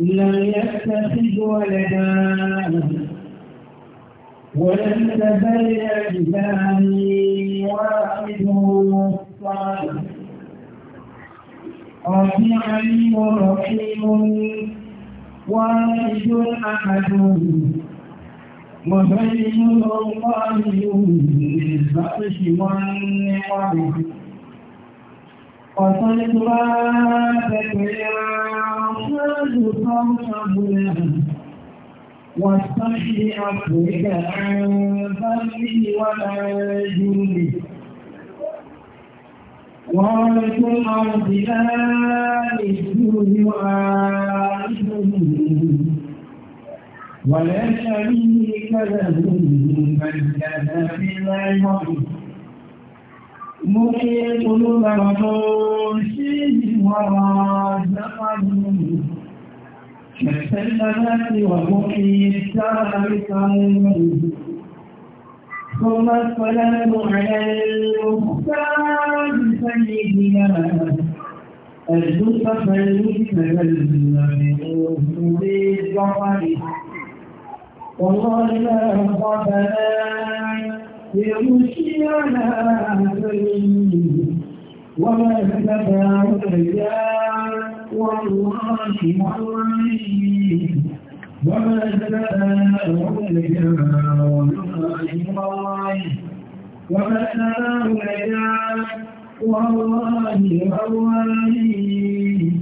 لم يتخذ ولدا ولم تبين بثاني واحد الصالح رفيع ورحيم واحد احد مهيمن الله بالبطش والنعم ọ̀sán ní tó bá bẹ̀rẹ̀ ṣáàjú kan ṣàbúrẹ̀ wọ́n tán sí àpòrígà bá sí wọ́n jùlẹ̀ wọ́n tó máa dì láàrín ìṣúrí ààrùn ولا شريك له من كان في لا يحب مقيت المرشيد ورازقني كالسلمات وبقي التارك ثم الصلاة على المختار سيدنا المصطفى المتكلم بالظفر والله ما ربنا يمشي على أهله وما تبعه الرجال والله والله وما تبعه الرجال والله والله وما تبعه الرجال والله والله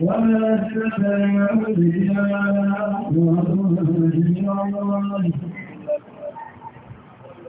وما تبعه الرجال والله والله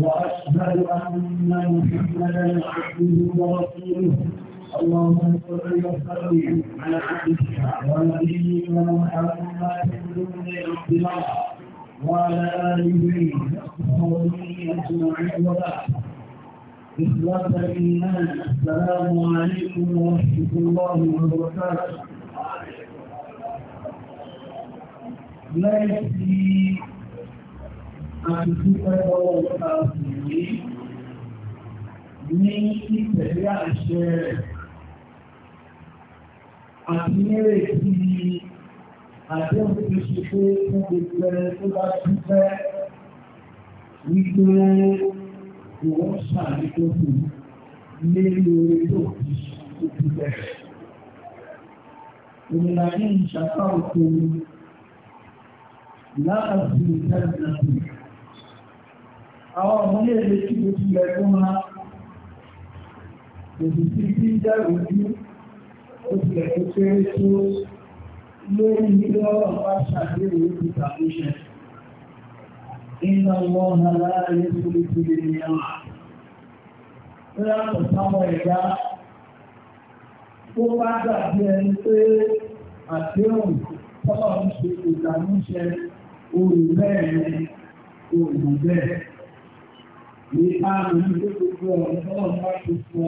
وأشهد أن محمدا عبده ورسوله اللهم صل وسلم على عبدك ونبيك محمد بن عبد الله وعلى آله وصحبه أجمعين وبعد إخلاص الإيمان السلام عليكم ورحمة الله وبركاته ليس àdúgbò lọ́wọ́ ọ̀gá òní ní ìtẹ̀lé àṣẹ rẹ̀ àti nírètí àdéhùn tó ṣe pé fún gbogbo ẹni tó bá dúpẹ́ wípé òun ṣàlékòkò lérí orí tó fi ṣe bẹ̀rẹ̀. Òmìnira ní ìṣàkóso láàbù ìtẹ́lẹ̀ náà àwọn ọmọ ní èdè tí ó ti lẹ̀ fún wa lòdì sí bí dẹ̀rù bí ó ti lẹ̀ tó kéré tó lórí ilé ọ̀rọ̀ bá ṣàgbéyẹ̀ ó ti tàbí ṣẹ. Iná wọn nàlá ayé tó lè tó lè ní àwọn. Ó yàtọ̀ sáwọn ẹ̀dá tó bá dàbí ẹni pé àdéhùn tọ́lọ̀ ń ṣe ìdàmúṣẹ orí bẹ́ẹ̀ ni orí bẹ́ẹ̀ ní ààrùn ní gbogbo ọ̀rọ̀ ọlọ́run bá ti sọ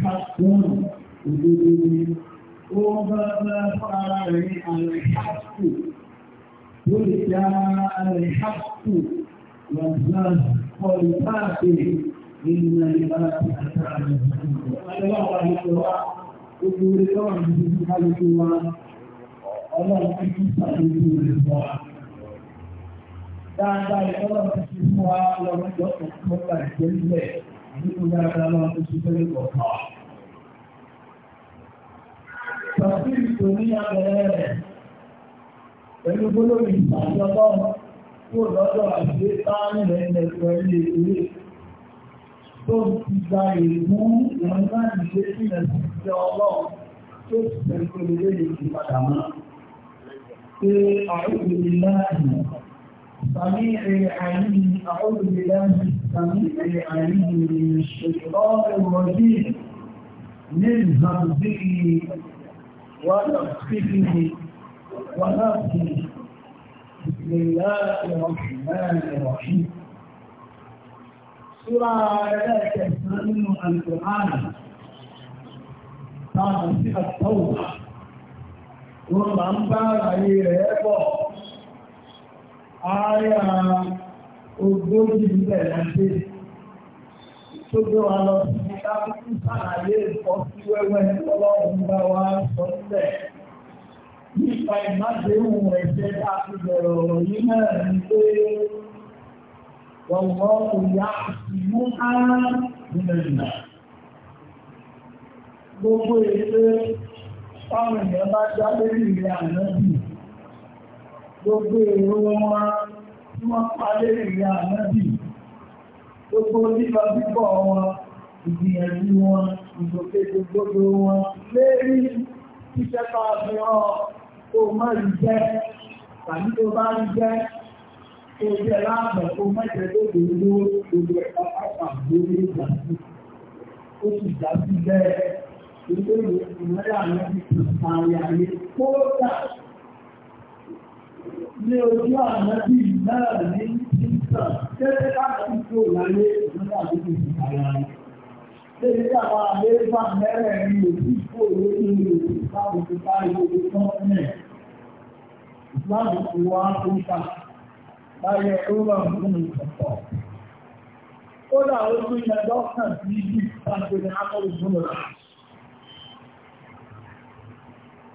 kásán òdodo ni ó bá bá fara rẹ̀ àrẹ̀ hásù ó lè já àrẹ̀ hásù wàzà kọlu páàkì nínú ìbá àti àtàrà ìgbàlọ́wọ́ àwọn ìṣòwà gbogbo orí tọ́wà ní ìdíjú kálukú wa ọlọ́run ti kí sàlùkù rẹ̀ fọ́ wa dáadáa ìtọ́lọ̀ ti fi fún wa lọ́wọ́ ìjọ ìfún ọgbà ìjẹ́ nílẹ̀ nínú dáadáa lọ́wọ́ tó ti fẹ́lẹ̀ kọ̀ọ̀kan. Tọ́sí ìtò ní abẹ́rẹ́ rẹ̀ pẹ̀lú gbólóhùn ìpàdé ọlọ́run kó lọ́dọ̀ àti báńkì rẹ̀ ń lẹ̀kọ́ ilé ìwé tó ti gba èèmú ìrànlọ́wọ́ ìgbé sílẹ̀ sí ìjọ ọlọ́run tó ti pẹ̀lú gbólóhùn ìpàdé mọ́. Ṣé àrùn ìlú náà سميع العليم أعوذ بالله سميع العليم من الشيطان الرجيم من همزه ونفخه ونفخه بسم الله الرحمن الرحيم سورة لا تستعمل القرآن تعمل فيها التوبة ورمان بارعي ريبو ààyà ogójì ìbẹ̀rẹ̀ tó gbé wa lọ sí ìdákùnkùn sàlàyé ìfọ́ sí wẹ́wẹ́ ọlọ́run bá wa sọ sílẹ̀ nípa ìmáṣẹ́hùn ẹ̀ṣẹ́ láti bẹ̀rẹ̀ ọ̀rọ̀ yìí náà ní pé wọ̀wọ́ òyà ìmú ara nílẹ̀ ìlà gbogbo èdè táwọn èèyàn bá já lórí àná bì gbogbo èrò wọn tí wọ́n palẹ̀ ìrìn ànábì gbogbo lílọ bíbọ̀ wọn ìgbìyànjú wọn ìgbòkè gbogbo wọn lérí iṣẹ́ bá fi hàn kó má rí jẹ́ tàbí tó bá rí jẹ́ kó jẹ́ láàbọ̀ kó má jẹ́ tó dòdò gbogbo ẹ̀ka pápá lórí ìgbà sí ó sì dá sí bẹ́ẹ̀ ilé ìwé ìmọ̀lẹ́ ànábì kò sáré ayé kó dà ní ojú àmọ́ bí náà ní ìtàn tẹ́lẹ̀ káàkiri tó láyé ìjọba àdúgbò ìgbàlá rẹ̀. Léyìn tí àwọn àléébà mẹ́rẹ̀ẹ̀rin òbí kò lórí ìlú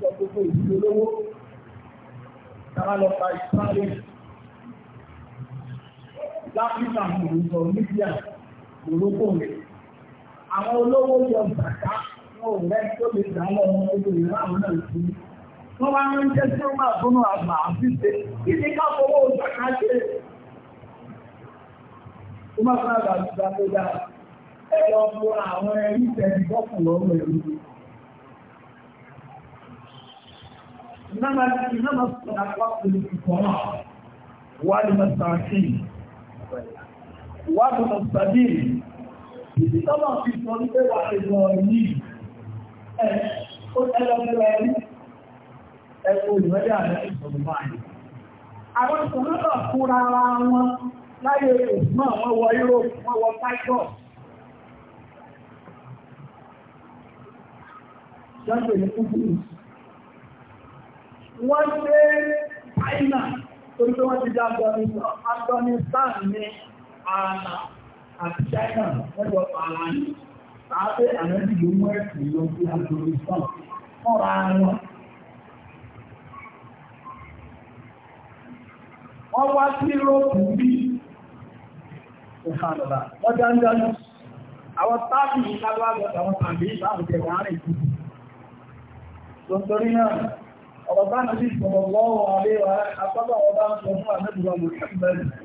sọ gbogbo ìdílé lówó káwá lọ pa ìsáré láfíríkà mòròsọ níbíà mòrókò rẹ̀ àwọn olówó yọ bàtà wọn ò rẹ́ tó lè dá lọ ọmọ ogun ìlànà náà sí wọ́n wá ń jẹ́ tí ó máa bọ́nú àgbà àfíṣe kí ni ká fọwọ́ bàtà ṣe ó máa fún àgbà àti ìgbà tó dáa ẹ lọ fún àwọn ẹrí tẹ̀síkọ́kùn lọ́rùn ẹ̀rú إنما إنما الصدقات للفقراء والمساكين وابن السبيل Ibi tọ́lọ̀ fi sọ wípé wà ẹ̀gbọ́n yìí ẹ̀ ó ẹlọ́gbẹ̀rẹ̀ ẹ̀rí ẹ̀kọ́ ìrẹ́lẹ̀ àrẹ ìsọ̀rọ̀ báyìí. Àwọn ìsọ̀rọ̀ fúnra ara wọn láyé Òsùmọ̀ wọ́n wọ Europe, wọ́n ṣe China torí pé wọ́n ti dá Afghanistan ní ààlà àti China lẹ́gbọ̀n ààlà ní tààbí àrẹ́bì ló mọ́ ẹ̀kùn lọ sí Afghanistan fọ́ra wọn. Wọ́n wá sí Róòpù bí ìhànlá wọ́n dáńdájú àwọn tábìlì lágbàgbà àwọn tàbí ìbáwọ̀ jẹ̀wọ̀ àárín ìdíjì.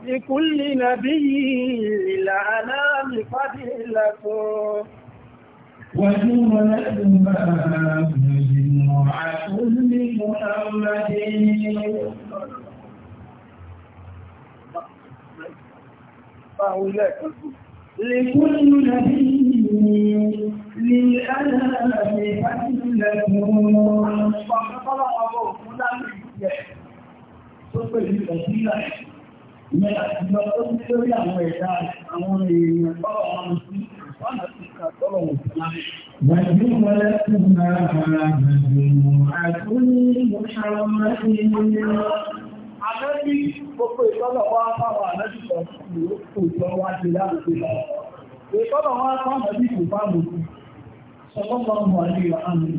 لكل نبي الأنام فضيلة وجملة ما مجموعة لمحمد فهو لك لكل نبي للأنام فتنة فقال الله Ìyẹn àti lọ tó ń lórí àwọn ẹ̀dá àwọn èèyàn tọ́lọ̀ wọn sí ìfọ́nà sí kàtọ́lọ̀ wọn sí láàrin. Bàjú wọlé fún náà ààrẹ àgbẹ̀rẹ̀ àtúnyí mú ṣàwọn mẹ́rin ní ọjọ́. ànábì gbogbo ìtọ́lọ̀ wá fáwọn ànábì ìtọ́lọ̀ wá fáwọn ànábì kò bá mú sọlọ́pọ̀ mọ̀ ní àmì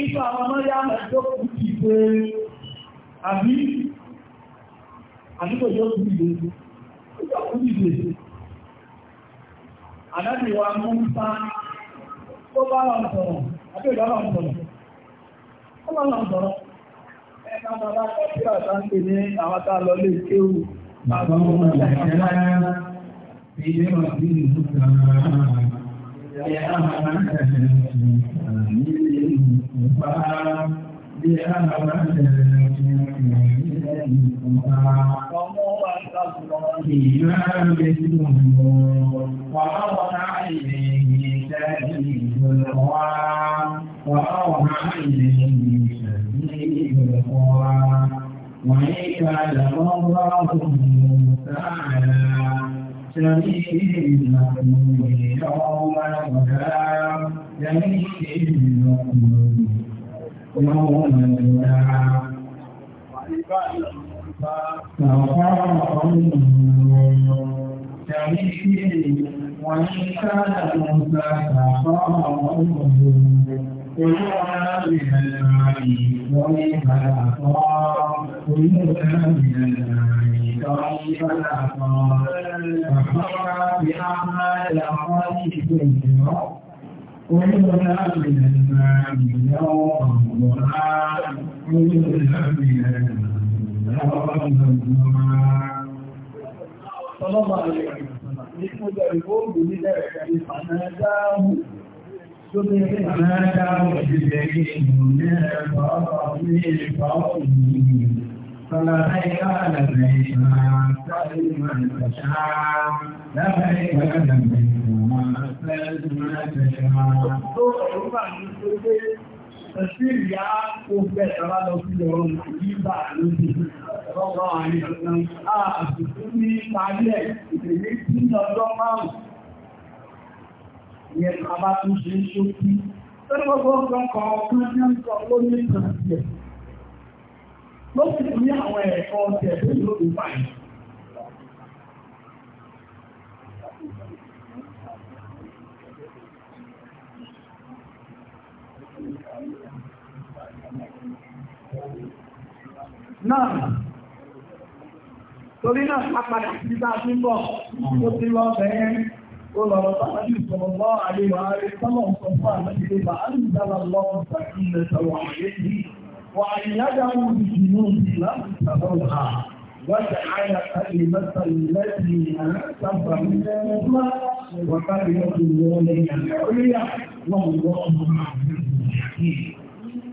ìṣọ́ àwọn mọ́rí àmà tó kù ti pé àbí àdúgbò yóò kú ìlú ìjọ kú ìlú àdájì wa mú pa ó bá wọn sọ̀rọ̀ àbí ìdá wọn sọ̀rọ̀ ó bá wọn sọ̀rọ̀ Wàhálà àìrìn ìṣẹ́ ìjọlọ́wàá وأوحى إليهم سبيل القرآن وإذ علم الله موسى على سبيل المحمود يوم الوداع جميل المحمود يوم الوداع فقام قومه جميل وإن كان موسى فقام قومه كلها من المعين طيب العطاء كلها من المعين طيب العطاء فخرى بأعمال خالد كلها من المعين يوم الظلام كلها من المعين يوم الظلام صلى الله عليه وسلم نحمد الرب لذلك فناداه ما تعود بعيد فرق من فوقه فلبيك لبيك سلم من تشاء لبيك لبيك سلم من تشاء Ẹ̀sìn ìyá ó bẹ̀ ṣọ́lá lọ sí ọ̀rọ̀ ìgbà lóbi lọ́wọ́ àìsàn àti tó ní ìpàdé ìpèlé tí ọjọ́ márùn-ún ìyẹn tó bá tún ṣe ń ṣókí tẹ́lẹ̀ gbogbo ọ̀gbọ́n kan ọ̀kan ní ọ̀sọ̀ lórí ìtàn tiẹ̀ ló sì tún ní àwọn ẹ̀kọ́ tiẹ̀ pẹ̀lú òkúpa yìí náà torí náà apadà sí bá bọ̀ ó ti lọ bẹ̀rẹ̀ ولما النبي صلى الله عليه وآله وسلم صفى نفسه فأنزل الله سكينته عليه وأيده بجنود لم ترها وجعل كلمة الذين كفروا السفلى وكلمة الله العليا والله عزيز حكيم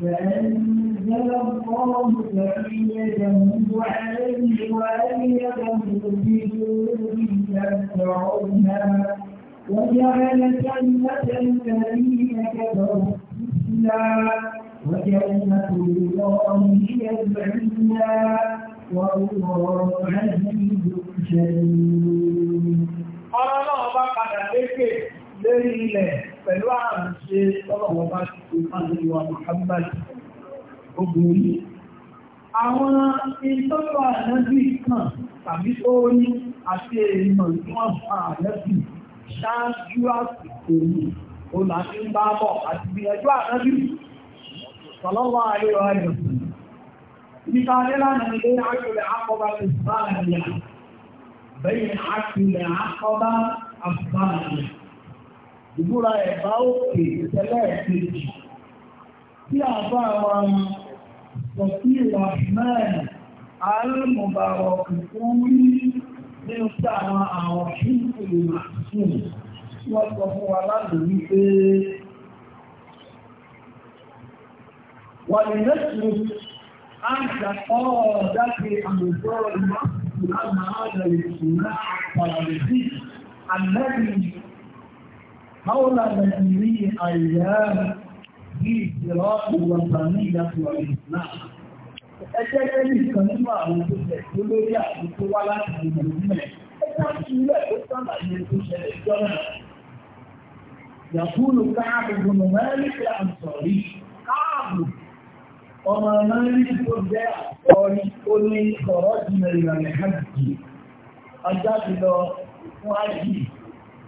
فأنزل الله سعيده عليه وأيده بجنود لم ترونها وجعل كلمة الذين كفروا السفلى وكلمة الله هي العليا والله عزيز شديد. قال الله بعد ذكر لله pẹ̀lú àrùn ṣe ọlọ́wọ́ bá ti fi máa ní wa Muhammad obìnrin. Àwọn ìtọ́lọ̀ ànẹ́bì kan tàbí tó ní àti èèmọ̀ tí wọ́n fa ànẹ́bì ṣáájú àsìkò ní o láti ń bá bọ̀ àti gbìyànjú ànẹ́bì sọlọ́wọ́ ayọ̀ ayọ̀. Nípa nílànà ilé àkùlẹ̀ àkọ́bá ti sáà ní à. Bẹ́yìn àkùlẹ̀ ìbúra ẹ̀bá òkè tẹ́lẹ̀ kejì tí a bá wa sọ̀tí rahman al-mubarak kúrí ní ọjọ́ àwọn àwọn ṣíkù ìmàṣùn wọ́n sọ fún wa láti wípé wọ́n lè lẹ́sùn àjàkọ́ dákẹ́ àmùsọ́ ìmàṣùn láti máa jẹ́ ìṣúná àpàlẹ̀ sí àlẹ́bìnrin حول لأمري أيام في الصراط الوطنية والإسلام يقول كعب بن مالك الأنصاري كعب وما مالك فرجاء أنصاري قل خرجنا إلى الحج أجاب له معجيب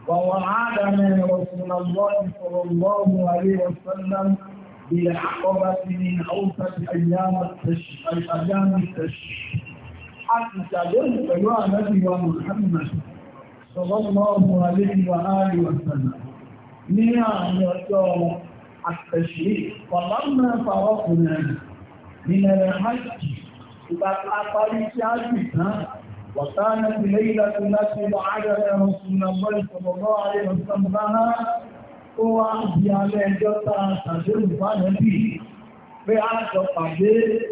ووعدنا رسول الله صلى الله عليه وسلم بالعقبة من أوسط أيام التشريع أيام التشريع أتجدون فيا نبي محمد صلى الله عليه وآله وسلم نعم يوم التشريع فلما فرقنا من الحج فقد أطلت وكانت ليلة التي بعدها رسول الله صلى الله عليه وسلم لها هو أحيى لهجة تجربة نبي في عهد القدير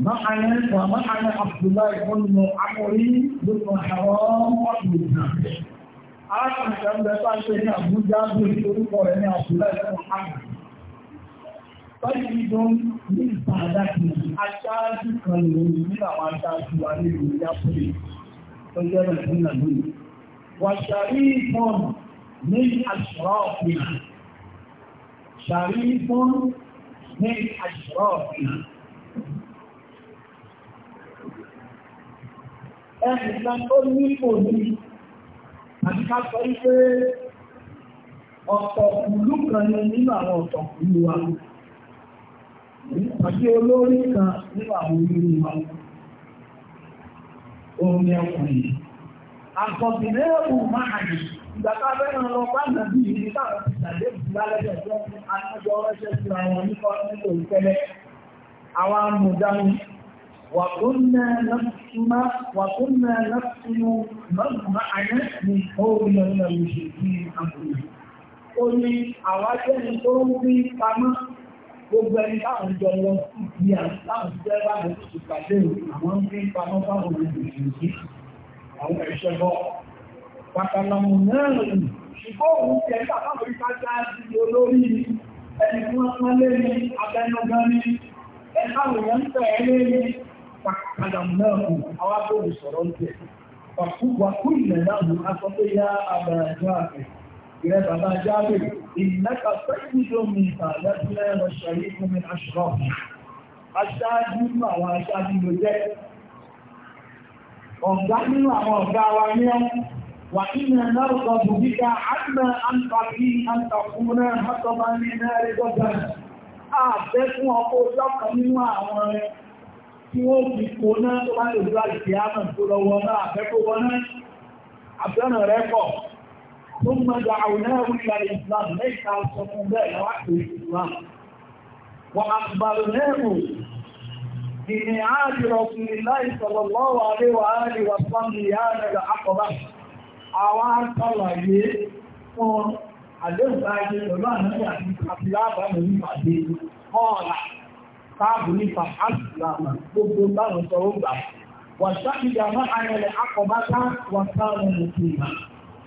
معنى ومعنى عبد الله بن عمري بن حرام وابن الزهري أعرف أن ده كان سيدنا أبو جابر يقول لك عبد الله بن محمد Báyìí dán ní ìpàdàkì aṣáájú kan lòun ní àwọn aṣáájú wa ní ìlú Yápùlé tó Nàìjíríà lónìí. Wàṣàrí ìfọ́n ní àṣírọ́ ọ̀fìn. Ṣàrí ìfọ́n ní àṣírọ́ ọ̀fìn. Ẹnìkan tó ní òní àti ká sọ wípé ọ̀tọ̀kùlú kan ní nínú àwọn ọ̀tọ̀kùlú wa àti olórí kan nínú àwọn olórí wa omi ọkùnrin àkọsílẹ́ẹ̀bù máa ní ìgbàta fẹ́ràn lọ bá nàbí ìlú táwọn ti tàlé ìgbàlẹ́jẹ̀ tó ń anájọ ọrẹ́ṣẹ́ sí àwọn oníkọ́ nílò ìtẹ́lẹ̀ àwọn amòdánu وَكُنَّا مِنْ قَوْمِ الْمُشْرِكِينَ أَمْرِهِ Ó ní àwájẹ́ ni tó ń rí pamọ́ gbogbo ẹni táwọn jọ lọ sí ibi àtàwọn jẹ́ láti ìpàdé àwọn ń gbé pamọ́ báwọn olùdíje sí àwọn ẹ̀ṣẹ́ bọ́. Pàtàlàmù náà rìn ṣùgbọ́n òun jẹ́ táwọn ìpàdé àti olórí ẹni tí wọ́n pọ́n lé ní abẹnugan ní ẹ̀káwọn èèyàn ń tẹ̀ lé ní pàtàlàmù náà kù àwọn agbóhùn sọ̀rọ̀ ń tẹ̀. Wàkú ilẹ̀ náà mú aṣọ tó yá àbàrà ìjọ àfẹ́ ìrẹ́ bàbá jáde ìlẹ́ka sẹ́kùnlómi ìtàlẹ́sílẹ̀ ọ̀ṣẹ̀ yìí fún mi aṣọ́ aṣáájú nínú àwọn aṣáájú ló jẹ́ ọ̀gá nínú àwọn ọ̀gá wa ní ọ́ wà nínú ẹ̀lọ́rùkọ̀ bùbíkà àmà àǹtàkì àǹtàkùnrin mọ́tọ́bá ní ẹ̀rẹ́ gọ́gbà àfẹ́ fún ọkọ̀ ọjọ́kan nínú àwọn rẹ̀ tí wọ́n náà tó bá lè dúrà ثم دعوناه إلى الإسلام ليس أصدقون ذلك وعد الإسلام وأخبرناه بميعاد رسول الله صلى الله عليه وآله وسلم يانا العقبة àwọn àtàlàyé fún àdéhùnbáyé pẹ̀lú àníyà àti lábàmì nípàdé ọ̀la táàbù nípa àtìlámà gbogbo báwọn sọ ó gbà wà sáàkìyà máa ayẹlẹ̀ akọ̀bátá wà sáàrùn mùsùlùmí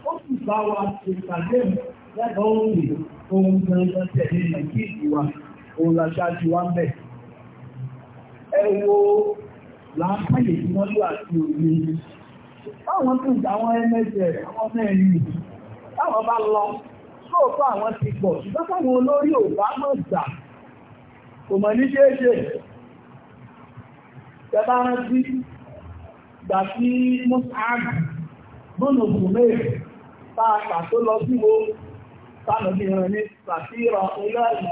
ó sì bá wa ṣe ìpàdé lẹ́gbàá òwe ohun gbẹ̀ngàn tẹ̀lé nàìjíríì wa òun làṣáájú wa ń bẹ̀. ẹ wo làákàyè tí wọ́n lò àti òye báwọn tó ń àwọn ẹlẹ́jẹ̀ àwọn mẹ́rin báwọn bá lọ lóòótọ́ àwọn ti pọ̀ ṣùgbọ́n káwọn olórí ò bá mọ̀ gbà kò mọ̀ ní ṣeéṣe tẹ́bá rántí gbà sí mọ́sáàgì bọ́ọ̀lù òkú mẹ́rin tààtà tó lọ sí wo tánà bí rẹ̀ ní sàfíra oláàrí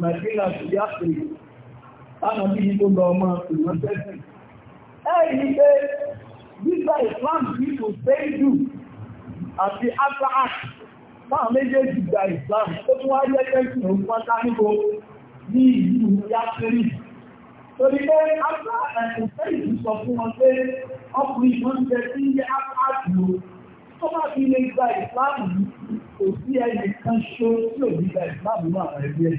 nàìjíríà sí yàtìrì tánà bí tó lọ ọmọ ìrọ̀sẹ́sìn ẹ̀yí pé gbígbà Islam bí kò sẹ́jù àti asaak máa méjèèjì gba Islam tó tún wá rí ẹgbẹ́ ìsìn òun pátá níbo ní ìlú yàtìrì torí pé asaak ẹ̀sìn sẹ́jù sọ fún wọn pé ọkùnrin ìmọ̀ ń jẹ sí yẹ asaak lò tó bá fi lè gba ìsìláàmù kò sí ẹni kan ṣó tí ò ní gba ìsìláàmù náà rẹ̀ bí ẹni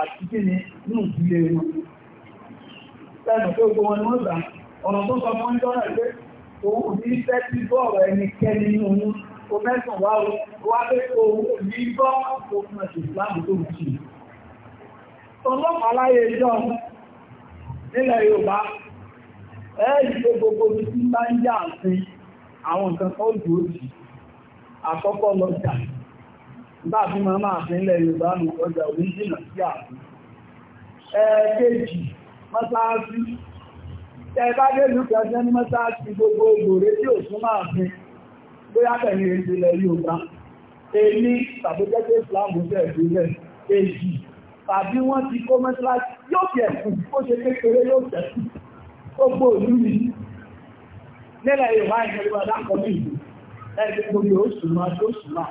àti kí ni nínú ìdílé wọn. Lẹ́nu pé gbogbo wọn ni wọ́n gbà ọ̀rọ̀ tó sọ fún ìjọ́nà pé òun ò ní fẹ́ ti gbọ́ ọ̀rọ̀ ẹnikẹ́ni nínú oyún o mẹ́sàn wá o wá pé òun ò ní gbọ́ òun ẹ̀sìn ìsìláàmù tó ń kì Ọlọ́pàá láyé ẹjọ́ nílẹ̀ Yorùbá ẹ̀ẹ́dì àwọn nǹkan kan jù ó jì àkọ́kọ́ lọ́jà bá fi máa máa fi ilẹ̀ Yorùbá nù ọjà oníjìnà sí ààbò ẹ̀ẹ́kejì mọ́sáàsì ẹ̀ẹ́bá délùú kẹsẹ́ ní mọ́sáàsì gbogbo ògbòrè tí ò tún máa fi bóyá tẹ̀lé ìrìnlẹ̀ Yorùbá èmi tàbójẹ́gbé Islam jẹ́ ìpínlẹ̀ èjì tàbí wọ́n ti kó mọ́sáàsì yóò fi ẹ̀kùn ó ṣe kékeré yóò tẹ̀kùn ó gbòòlú yìí nílẹ̀ Yorùbá ìjọba dákọ̀ ní ìlú ẹgbẹ́ orí oṣùmá tó ṣùmá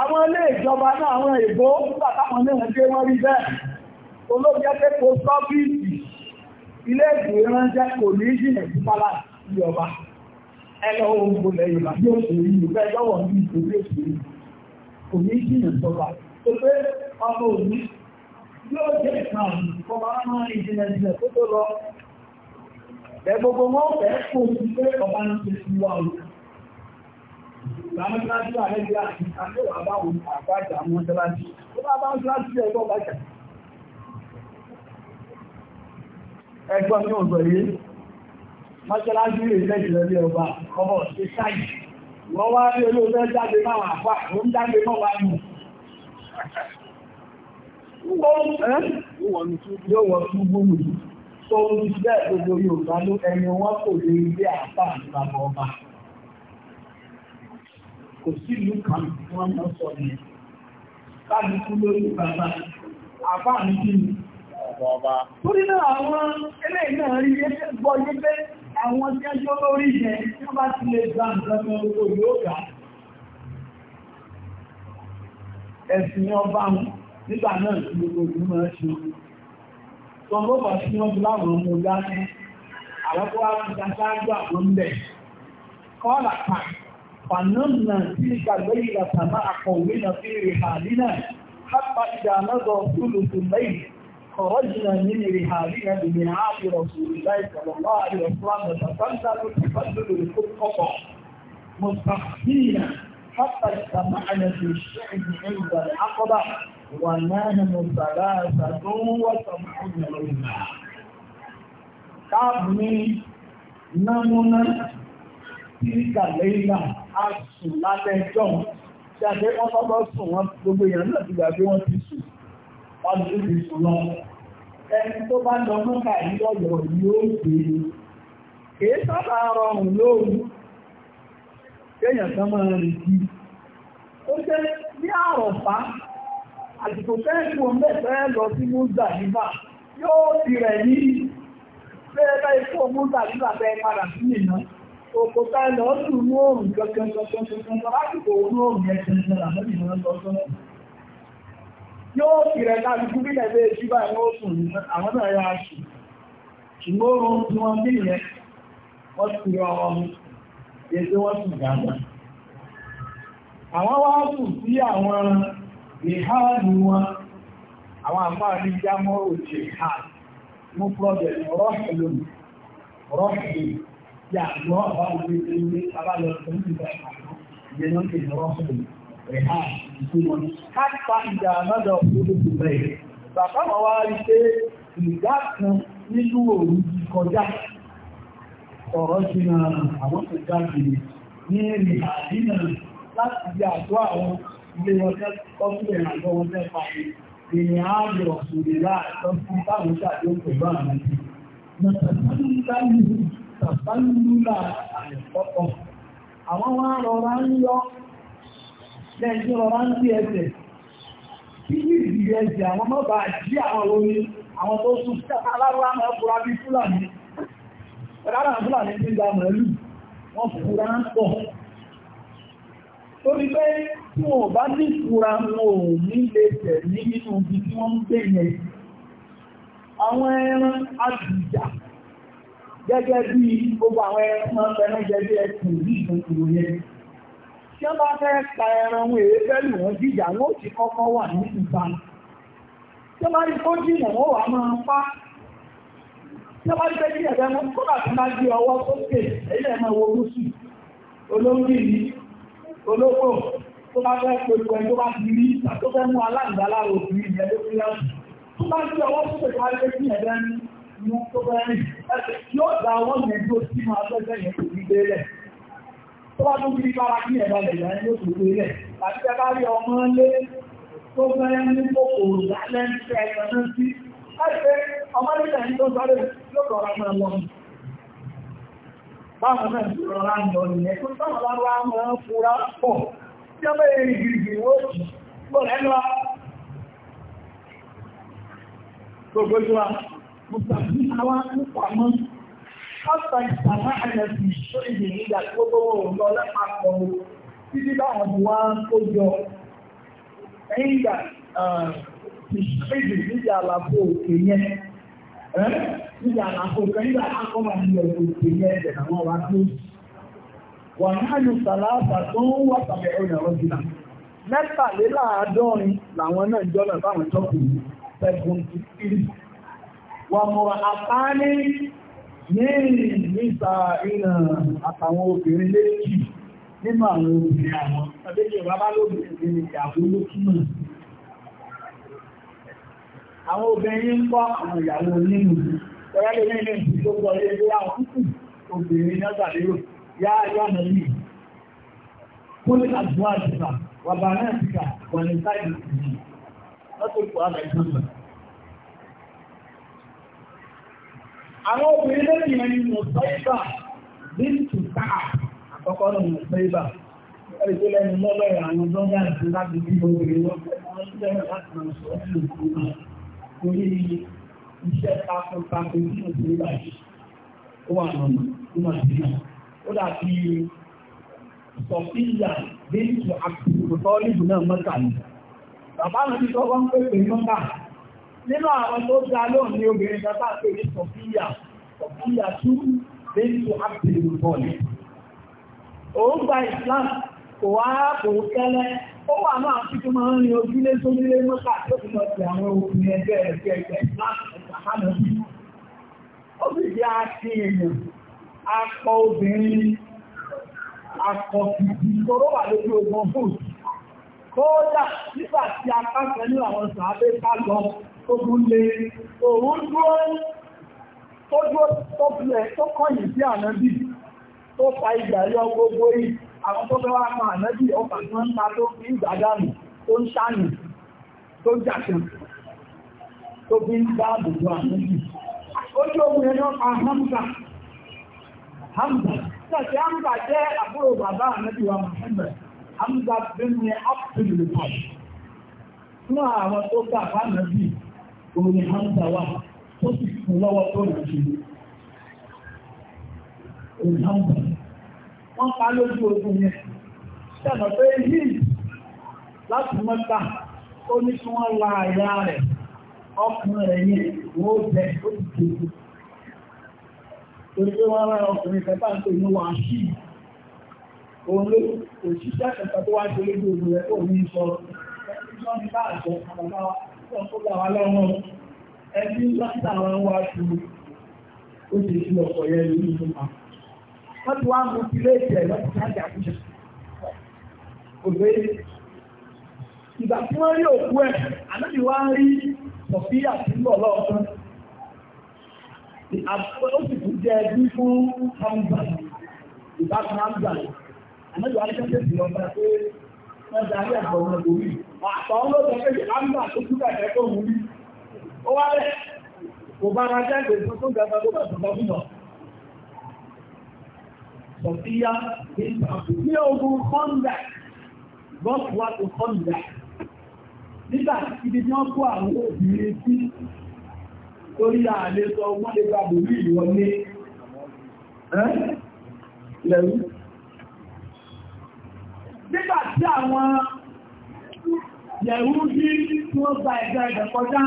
àwọn ilé ìjọba náà àwọn ìbò pàtàkùn ní ẹgbẹ́ wọ́n rí bẹ́ẹ̀ olóòjẹ́ kò sọ́fíìsì ilé ìgbìyànjẹ́ kò ní ìjìnlẹ̀ sí pálá ìjọba ẹlọ ohun gbọlẹ̀ Yorùbá bí ó ṣe rí ìgbẹ́ lọ́wọ́ ní ìgbòrí òṣèlú kò ní ìjìnlẹ̀ sọ́ba tó pé ọmọ òní yóò jẹ́ ìkan àmì kọba máa ìjìnlẹ̀ ìjìnlẹ̀ tó tó lọ Ẹ gbogbo wọn fẹ́ kó sí pé ọba ń ṣe sí wa o. Ìgbàmọ́ kíláàsì wà lẹ́bí àti àtẹ́wà báwo àgbàjà àwọn kíláàsì. Ó bá bá ń kíláàsì ẹ̀ gbọ́ bàjẹ́. Ẹgbọ́n mi ò gbọ́ yìí. Mọ́ṣáláṣí lè jẹ́ ìrẹ̀lé ọba, ọmọ ṣe ṣáì. Wọ́n wá ní olóòfẹ́ jáde máa wà fà, ó ń jáde mọ́ wá nù. Wọ́n ẹ́ yóò wọ́n túbú nìyí tó ń bí bẹ́ẹ̀ gbogbo Yorùbá ló ẹni wọn kò lè gbé àpá àgbàbọ ọba kò sí ìlú kan tí wọ́n mọ̀ sọ yẹn káàdùkú lórí bàbá àbá mi kí ni. Torí náà àwọn eléyìí náà rí ẹgbẹ́ gbọ́ yẹ́gbẹ́ àwọn tí ẹjọ́ lórí yẹn tí wọ́n bá ti lè gba nǹkan ní owó yóò gà. Ẹ̀sìn ọba nígbà náà ti gbogbo ìlú máa ṣe wọn bó bá sí wọn láwọn ọmọ ọgá sí àwọn tó wá ti ṣáájú àwọn ń bẹ̀. kọ́lá kan fanọ́nà tí ìgbàgbé yìí la sàmà àkọ̀wé náà fi rè hà nínà hápa ìdá mẹ́gọ̀ fúlùfù lẹ́yìn kọ̀rọ̀ jìnnà nínú rè nínà lèmi àábì rọ̀sùn láì sọ̀rọ̀ láàrin ọ̀sán àti ọ̀sán wà náà tí kàlẹ́ ìlà á lálẹ́ jọun tí a fẹ́ wọ́n lọ́gbọ́ sùn wọn gbogbo èèyàn náà ti gbàgbé wọ́n ti sùn wọ́n ti sùn lọ. Ẹni tó bá mọ́kà ìlọ́yọ̀ yóò gbé sábà àsìkò fẹ́ẹ̀kù mẹ́fẹ́ lọ sí múzà nígbà yóò ti rẹ̀ ní fẹ́ẹ̀rẹ́ ikú múzà nígbà fẹ́ padà sí ìná òkò táì lọ sí inú oòrùn kankan kankan kankan lásìkò inú oòrùn yẹn kankan làbẹ́bì náà lọ́sọ́ yóò ti rẹ̀ láti kú bí lẹ́gbẹ́ ìṣúgbà ìwọ̀n oṣùn àwọn náà yá aṣù ṣùgbọ́n oorun tí wọ́n bí yẹn wọ́n ti rọ ọmọ yẹn tí wọ́n sùn dáadáa àwọn wá sùn sí àwọn ìhàánù wọn àwọn àpáà ní jámọ́ ha ìhàánù mú project rọ́ọ̀lù rọ́ọ̀lù yà lọ́ ọ̀bá orí ilé abálọ̀ tó ń bá ìyẹn náà kì í rọ́ọ̀lù ìhàánù ìtumọ̀ káàpá ìjà mọ́dọ̀ olóògùn ìgbà ọ̀rọ̀ sí àwọn ní àdínà láti bí àtọ́ àwọn ilé wọn tẹ́ kọ́sílẹ̀ àjọ wọn tẹ́ pàdé ìrìn ààbò ọ̀sùnlé láàtọ́ fún táwọn ṣàdó pẹ̀lú àwọn ẹbí. Tàbálúlà àìkọ́kọ́. Àwọn wá rọra ń yọ lẹ́yìn rọra ń bí ẹsẹ̀. Kí ní ìdí ẹsẹ̀ àwọn mọ́bà jí àwọn omi àwọn tó sùn sí alárúwá máa fura bí Fúlàní. Rárá Fúlàní ti ń da mọ̀lú. Wọ́n fura ń pọ̀ torí pé tí wọ́n bá ní ìfura wọn ò ní lè tẹ̀ ní nínú ibi tí wọ́n ń gbé yẹn àwọn ẹran àjìjà gẹ́gẹ́ bí gbogbo àwọn ẹran ẹran jẹ bí ẹkùn ní ìgbòkòrò yẹn tí wọ́n bá fẹ́ pa ẹran wọn èyí pẹ̀lú wọn jíjà wọn ò ti kọ́kọ́ wà ní ìta tí wọ́n bá rí kó jìnà wọn wà máa pa tí wọ́n bá rí pé jìnà ẹ̀rọ kó bàtà máa gbé ọwọ́ sókè ẹ̀yìn máa wo olóṣù olóko tó bá fẹ́ pẹ̀lú ẹ̀ tó bá ti rí tó fẹ́ mú aláǹdálá òkú ìyẹn ló fi láti tó bá ti ọwọ́ tó fẹ́ wáyé sí ẹ̀dẹ́ mú tó fẹ́ rìn yóò da ọwọ́ yẹn tó sí máa fẹ́fẹ́ yẹn kò ní délẹ̀ tó bá tún kiri bára kí ẹ̀dá lẹ̀ yẹn ló kò délẹ̀ àti ẹ bá rí ọmọ lé tó fẹ́ ní kòkòrò lálẹ́ ń fẹ́ ẹ̀ báwọn náà ti rọra ń lọ nìyẹn tó sáwọn lára máa ń fura pọ̀ tí ó bẹ́ẹ̀ rí gírígírí ó jì pọ̀ lẹ́nu wa gbogbo wa mùsàlùmí àwa ń pamọ́ Ọ́sàn ìsàmá àyẹ̀sì ṣó ìdè nígbà òkè yẹn nígbà àpò kan nígbà akọ́mà ní ọ̀rọ̀ òkè ẹ̀jẹ̀ àwọn ọ̀rọ̀ tó wà náàlù sàlásà tó ń wà tàbí ẹ̀rọ ìrọ̀ jìnà mẹ́tàléláàádọ́rin làwọn náà jọ́nà báwọn tọ́kù seventy three wà mọ̀rọ̀ àpáání ní níta ìnà àtàwọn obìnrin lẹ́kì nínú àwọn obìnrin àwọn tàbí ìjọba bá lóbìnrin ìyàwó lókùnrin àwọn obìnrin ń kọ́ àwọn ìyàwó nínú ọ̀rẹ́lẹ̀ nílé tó kọ́ ilé tó wà kù obìnrin náà lérò yá ayọ́ ọ̀nà yìí kúlé àdúrà àdúrà wàbà náà ti kà wà ní táìlì ìjì lọ́tò ìpò àbẹ̀sọ́nà. àwọn obìnrin lẹ́yìn yẹn ni mo sọ ibà tù táà àkọ́kọ́ náà mo sọ ibà tó lẹ́nu lọ́lọ́rẹ̀ àwọn láti bí obìnrin wọn fẹ́ orí iṣẹ́ takuntakun tí ó ti bá ṣe ó wà nọ̀nà ní Nàìjíríà ó dàbí sọ̀fíìyà bíntù àkùtọ̀lìbù náà mọ́ta ni bàbá náà ti tọ́wọ́ ń pè pé mọ́ta nínú àwọn tó dá lóhùn ní obìnrin kan bá pè ní sọ̀fíìyà sọ̀fíìyà tú bíntù àkùtọ̀lìbù òun gba ìsìlámù kò wá kò kẹ́lẹ́ ó wà náà tí tó máa ń rin ojúlé tó nílé mọ́ta tó fi lọ sí àwọn òkùnrin ẹgbẹ́ ẹgbẹ́ ẹgbẹ́ láti ṣàkánà bí. Ó sì jẹ́ àti èèyàn, akọ obìnrin, akọ kìkì tó wà lójú ogun fún. Kódà nígbà tí apáṣẹ ní àwọn sàábé ká lọ tó tún lé, òun dúró tó dúró tó kọ̀yìn sí ànábì tó fa ìgbà yọ gbogbo yìí. àwọn tó bẹ́ wá pa ọkà tí ń ta tó fi ìgbàdánù tó ń ṣàánì tó ń jàṣẹ́ tó fi ń dáàbò bo ànábì ojú ogun ẹni ọkà Hamza Hamza Hamza jẹ́ àbúrò bàbá wa Hamza ní fún àwọn tó òun ni Hamza wà sì fún lọ́wọ́ tó òun Hamza wọ́n pa lójú ogun yẹn ṣẹ̀nà pé yìí láti mọ́ta ó ní kí wọ́n la àyà rẹ̀ ọkùnrin rẹ̀ yẹn wọ́n bẹ̀ ó ti dèbò torí pé wọ́n rán ọkùnrin kẹta ń pè ní wàá sí òun ló òṣìṣẹ́ kẹta tó wá ṣe lójú ogun rẹ̀ tó ní sọ ẹni bá àṣẹ àbàbá wọn kó gbà wá lọ́wọ́ ẹni láti àwọn wa ju ó ti fi ọ̀pọ̀ yẹn lórí ìfúnpa wọ́n ti wá mú ilé ìjẹ́ wọ́n ti sáájà àkúṣe. Òbẹ́rẹ́ ìgbà tí wọ́n rí òkú ẹ̀ ànábì wá rí Sọ̀fíà tí ń bọ̀ lọ́ọ̀kan. Ó sì tún jẹ́ ẹbí fún Hamza ìbátan Hamza. Ànábì wá rí sẹ́ńtẹ̀ sí ọba pé wọ́n darí àgbọ̀ wọn lórí. Àtọ̀ ọlọ́dọ̀ pé Hamza tó túbọ̀ ẹ̀kọ́ òun rí. Ó wá rẹ̀ kò bára jẹ́ ìgbésùn tó gbàgbà tó Sọ̀fíyá ní ogun Honda, Gọ́ọ̀fù wá tó Honda. Nígbà ibi tí wọ́n kó àwọn obìnrin sí torí ààlé sọ wọ́n lè gbà bòrí ìwọlé. Lẹ̀rú. Nígbà tí àwọn Yẹ̀rú bí tí wọ́n gba ẹ̀dá ẹ̀dẹ̀ kọjá,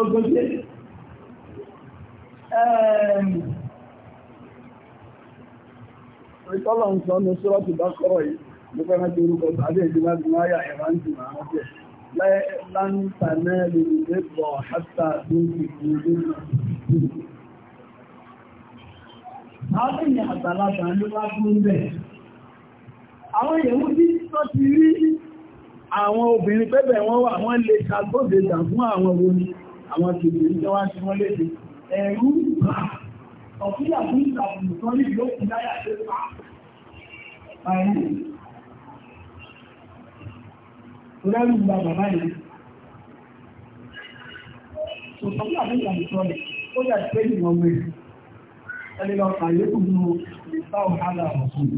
ogójé. Ẹ̀rù ìtọ́lọ̀ ń sọ ní sọ́rọ̀tù bá kọ́rọ̀ yìí ló fẹ́ rántí orúkọ tàbí èdè bá ti máa yà ìrántí máa rántí ẹ̀ láńtà náà lè lè bọ̀ hátà tó ń fi kú lórí àwọn èèyàn àgbàlagbà ló bá fún bẹ̀ àwọn èèyàn tí tó ti rí àwọn obìnrin pẹ́bẹ̀ wọ́n wà wọ́n lè ṣàgbóde dà fún àwọn orin àwọn kìtìrí tó ọ̀tíyà bí ìtàbùnùkan ní ìlú òkú láyà tó pa àìrí rẹ́rù ìgbà bàbá yìí òtọ́jú àbẹ́jà nìkan rẹ̀ ó yà pé ìwọ̀n mẹ́rin ẹni lọ kàyékù ní ìta ọ̀hádà ọ̀sùn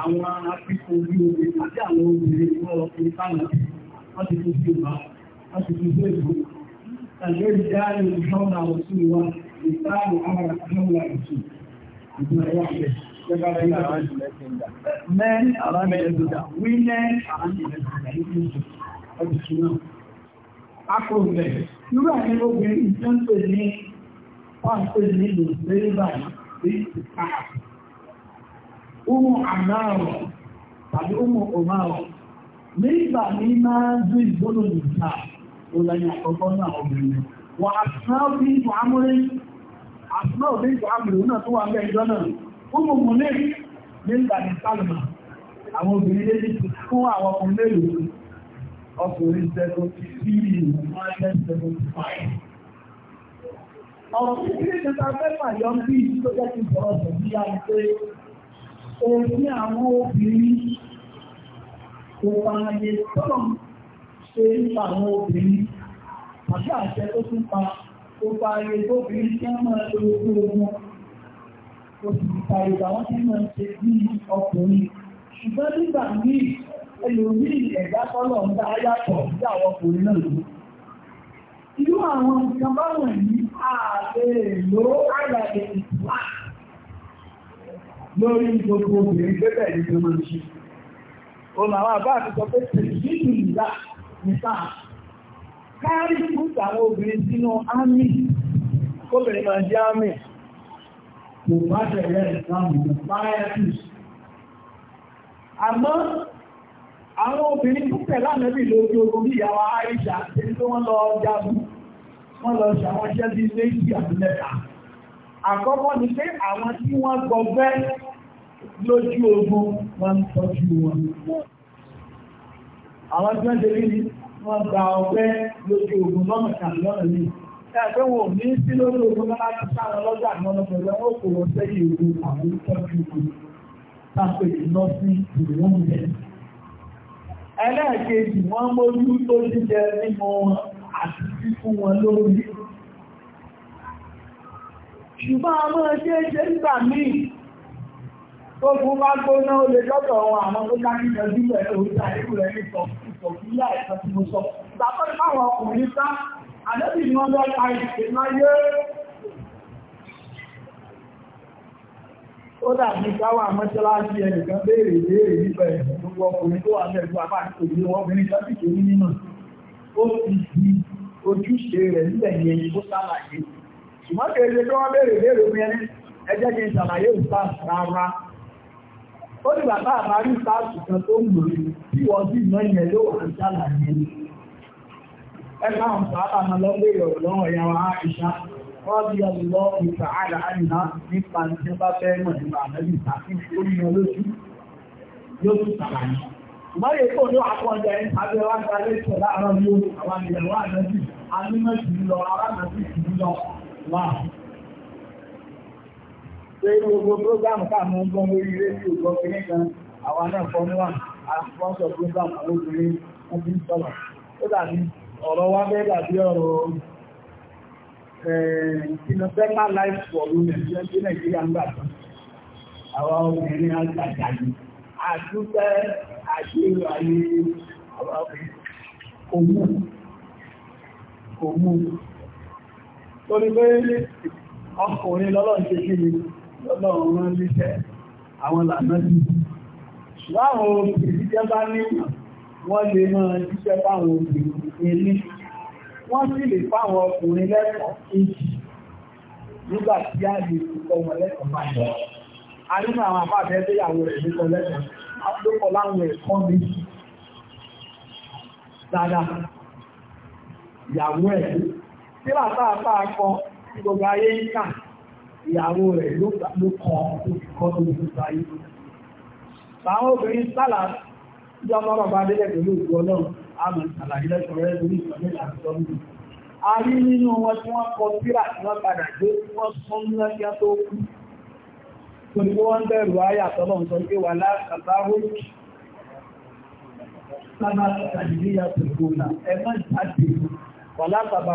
àwọn akẹ́kọ̀ọ́ orí omi àti àwọn obìnrin tí wọ́n lọ fi sáànà wọ́n ti fi sí ìgbà wọ́n ti fi sí èkó tàbí ìdá ìrìnṣọ́nà ìsáàmù àwọn àmúlà ìtù ìdúrà ẹ̀yà rẹ̀. Men are Mẹ́lẹ́dúdà, women are Mẹ́lẹ́dúdà, ọdún náà. Akọ̀ọ̀bẹ̀, irú àti obìnrin tó ń pè ní wọ́n pè ní ìlú Bẹ́rẹ́bà sí Ìkáà. Umu Amáàrọ̀ tàbí Umu Omáàrọ̀, nígbà ní máa ń dún ìgbónú nìta, ó lẹ́yìn àkọ́kọ́ náà obìnrin wà àṣìṣẹ́ bí ìtò àmúrí àṣìṣẹ́ òdé ìtò àmúrí náà tó wà ń bẹ́ ìjọ náà ó mú mú lè ní ìgbàdì sálùmà àwọn obìnrin léjì fún àwọn ọkùnrin mélòó ọkùnrin 73 175 ọ̀rọ̀ tí kí ní ta fẹ́ fàyọ bí tó jẹ́ ti sọ̀rọ̀ tẹ̀lé ya pé òní àwọn obìnrin kò pààyè tọ́lọ̀ ṣe ń pa àwọn obìnrin àbí àṣẹ tó tún pa tó pa ayé tó fi ń kí wọ́n máa lo ojú ogun ó sì ti parí àwọn tí wọ́n ṣe bí ọkùnrin ṣùgbọ́n nígbà míì ẹlòmíì ẹ̀dá kọ́lọ̀ ń dá yàtọ̀ sí àwọn ọkùnrin náà lò irú àwọn nǹkan báwọn yìí ààbè ló àyàgbé ìtura lórí gbogbo obìnrin bẹ́bẹ̀ ní tó máa ń ṣe. Olàwọ̀ àbá àti sọ pé tèmi nìyà níta kárí púpọ̀ àwọn obìnrin sínú ámì kóbìnrin máa jẹ́ ámì kò bá tẹ̀lé ìsìlámù kò bá ẹ̀kù àmọ́ àwọn obìnrin púpọ̀ lánàbì lórí ogun bí ìyàwó àìṣà tí tó wọ́n lọ jagun wọ́n lọ ṣàwọn iṣẹ́ bí méjì àti mẹ́ta àkọ́kọ́ ni pé àwọn tí wọ́n gbọgbẹ́ lójú ogun wọ́n ń tọ́jú wọn àwọn tí wọ́n ṣe wọ́n gba ọgbẹ́ lójú ogun lọ́nà tàbí lọ́nà ní. Ẹgbẹ́ wọn ní sí lórí ogun lọ́la ti sáwọn lọ́jà àwọn ọmọ ẹgbẹ́ wọn kò sẹ́yìn ogun àwọn ìtọ́jú ogun. Tápé lọ sí rẹ̀. Ẹlẹ́ẹ̀kejì wọ́n mójú tó jíjẹ mímọ àti fífún wọn lórí. Ṣùgbọ́n a máa ṣe é ṣe míì tó fún bá gbóná ó lè lọ́dọ̀ àwọn àwọn tó dá nínú ẹbí rẹ̀ oríta ìlú rẹ̀ ní ìtọ̀kúlá ẹ̀ka tí mo sọ. Ìgbàgbọ́ ní káwọn ọkùnrin sá, àdébì ni wọ́n lọ ta Ó dàbí káwọn ẹnìkan béèrè nípa ẹ̀sìn gbogbo ọkùnrin tó wà ní ẹ̀gbọ́n apá àti òbí wọn obìnrin sábì tó ní Ó ti di ojúṣe rẹ̀ nílẹ̀ sálàyé. Ṣùgbọ́n kèrè wọ́n ó a taa àbárí ìtaàsù kan tó ń lò rí bí wọ́n sì mọ ìyẹn ló wà ń ṣàlàyé ẹ káwọn sábà máa lọ lé ọ̀rọ̀ lọ́wọ́ ìyá wa Àìṣà wọ́n bí àlà nípa ní tí ó bá ọ lójú ṣùgbọ́n yìí kò ní tàbí láàárọ̀ àwọn ìyàwó pé gbogbo program káàmù gbọ́n lórí rédíò gbọ́n fi ní kan àwọn náà fọ́ níwà àpọ́sọ̀ program àwọn obìnrin wọ́n fi ń sọ̀rọ̀ ó dàbí ọ̀rọ̀ wa bẹ́ẹ̀ dàbí ọ̀rọ̀ ìnọ̀fẹ́mà life for women jẹ́ sí nàìjíríà ń gbàgbọ́ àwọn obìnrin àgbàjà yìí àtúntẹ́ àṣírò ayé àwọn obìnrin kò mú kò mú torí pé ọkùnrin lọ́lọ́ ń ṣe kí ni lọ́lọ́run rán níṣẹ́ àwọn lànà sí láwọn òṣìṣẹ́ bá ní wọ́n lè máa ṣiṣẹ́ fáwọn obìnrin ní wọ́n sì lè fáwọn ọkùnrin lẹ́kọ̀ọ́ kejì nígbà tí a lè kọ́ wọn lẹ́kọ̀ọ́ bá yọ a nínú àwọn àbáfẹ́ tó yàwó rẹ̀ nípa lẹ́kọ̀ọ́ àdókọ̀ láwọn ẹ̀kọ́ mi dáadáa ìyàwó ẹ̀ tí bàtà àpá akọ gbogbo ayé ń kà ìyàwó rẹ̀ ló kọ́ olùkọ́ tó ti gba yìí. Báwọn obìnrin sálà tí ọmọ bàbá délẹ̀ pẹ̀lú òkú ọlọ́run, a mọ̀ ìsàlàyé lẹ́kọ̀ọ́rẹ́ lórí ìsọ̀lẹ́ àtijọ́ nínú. A rí nínú wọn tí wọ́n kọ síra tí wọ́n padà gbé tí wọ́n sún lọ́kíá tó kú. Torí pé wọ́n bẹ̀rù ayé àtọ́lọ̀ ń sọ pé wà láàkàtàwó sábà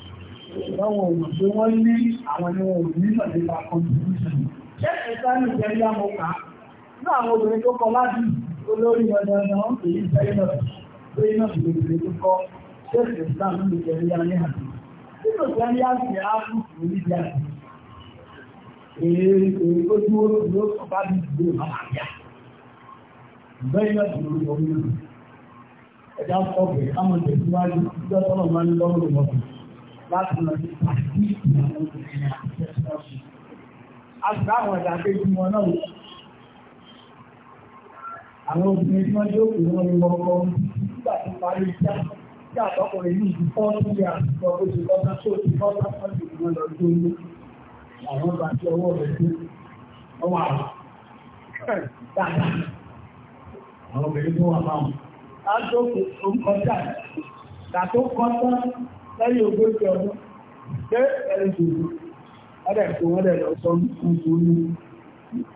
Báwọn òmò pé wọ́n ní àwọn ni wọn ò ní ìgbàlẹ́gbà contribution. Ṣé ẹ̀ta ní ìjẹ́rí àmọ́ká? Náà àwọn obìnrin tó kọ láti olórí ọ̀dọ̀ọ̀dọ̀ wọn kò yí sẹ́yìn náà. Pé iná ìgbèrè tó kọ́, ṣé ẹ̀ta ní ìjẹ́rí àmì àti. Títò ìjẹ́rí àti ààbò kò ní ìjẹ́ àti. Èèrè tó dúró ló sọ bá bí ìgbèrè máa wà yá. Bẹ́ẹ̀ náà ìgbèrè ọ̀gbìn. Ẹ̀dá sọ̀bẹ̀ láti àwọn obìnrin tí wọ́n yóò pè wọ́n ní wọ́n kọ́ nígbà tó parí iṣẹ́ tí àtọkùnrin yìí ti fọ́ sí ilé àtúntò ó ti kọ́ sá tó ti kọ́ sá fọ́ sí ìgbìmọ̀ lọ sí omi. Àwọn bá ti ọwọ́ rẹ̀ sí ọwọ́ Dáadáa. Àwọn obìnrin tó wà báwọn. lẹ́yìn ogójì ọdún pé ẹni jùlọ ọdẹ̀ tó wọ́n dẹ̀ lọ sọ oúnjẹ ní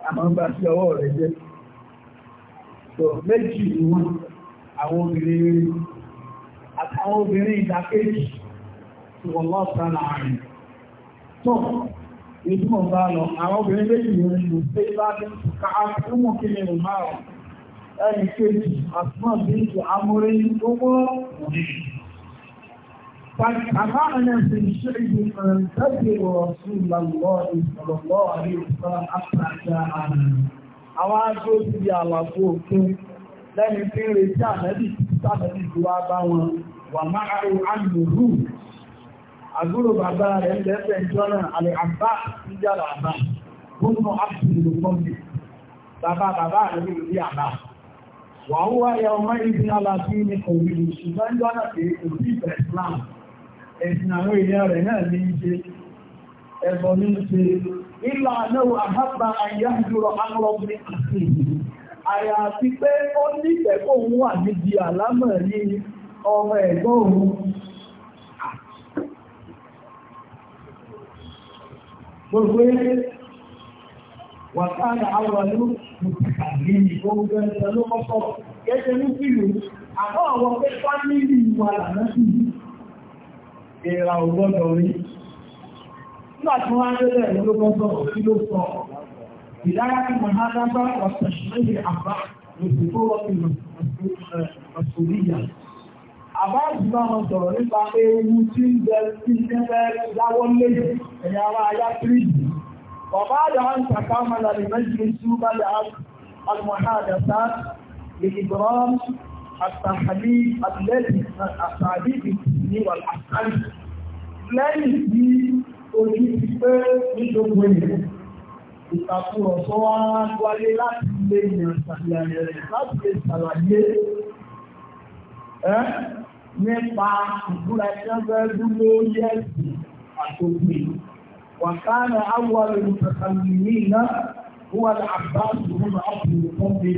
àmọ́gbà sí ọwọ́ rẹ̀ jẹ́ tó méjì ni wọ́n àwọn obìnrin rí àtàwọn obìnrin tí wọ́n lọ́ sá láàrin tó bá lọ àwọn obìnrin méjì wọ́n lò pé bá ká kí ni ẹni kéjì àtúmọ̀ bí i فاجتمعنا في الشعب فانتظر رسول الله صلى الله عليه وسلم حتى جاءنا àwọn aṣọ ti di àlàfo òkun lẹ́ni tí ń retí àmẹ́bì sáàmẹ́bì tó wá bá wọn wà máa rú àmìrú àgbúrò bàbá rẹ̀ ń lẹ́fẹ̀ jọ́nà àlẹ́ àbá ìjára àbá gómìnà ápùlù pọ́ǹdì bàbá bàbá rẹ̀ ní ìrí àbá wà ó wáyé ọmọ ìdí alábí ní òwìlú ṣùgbọ́n ẹ̀sìn àwọn èèyàn rẹ̀ náà ní ṣe ẹ̀bọ̀ ní ṣe ìlà náà àhábà àti àyàfi pé ó nífẹ̀ẹ́ kó wà níbi àlámọ̀ ní ọmọ ẹ̀gbọ́n òun gbogbo wàtàrà àwọn ìlú ìpàdé ní fìlú àwọn ìra ọgbọ́dọ̀ rí. Nígbà tí wọ́n á lélẹ̀ ló ló gbọ́dọ̀ sí ló sọ. Ìdára ti mọ̀ náà lábá ọ̀sẹ̀ lẹ́yìn àbá lòsì tó rọ́pì lòsòríyà. Àbá ìgbà wọn sọ̀rọ̀ nípa ewu tí ń bẹ sí ẹgbẹ́ láwọ́ lé ẹ̀yà ara ayá tírìdì. Bàbá àdá ń kàkà mọ́lá lè mẹ́jì sí ó bá lè alùmọ̀ná àdàtà lè ìgbọ̀rọ̀ التحليل الذي التعليل الديني والأحكام lẹ́yìn tí ojú ti pé nítorí ènìyàn ìtàkùrọ̀sọ wá wáyé láti lè yàn ṣàlàyé rẹ̀ láti lè ṣàlàyé ẹ́ nípa ìbúra tí wọ́n fẹ́ dúró yẹ́sì àtòkè wàkánà àwọn olùtàkàlù yìí náà wọ́n àbá ìṣòro àbúrò fún mi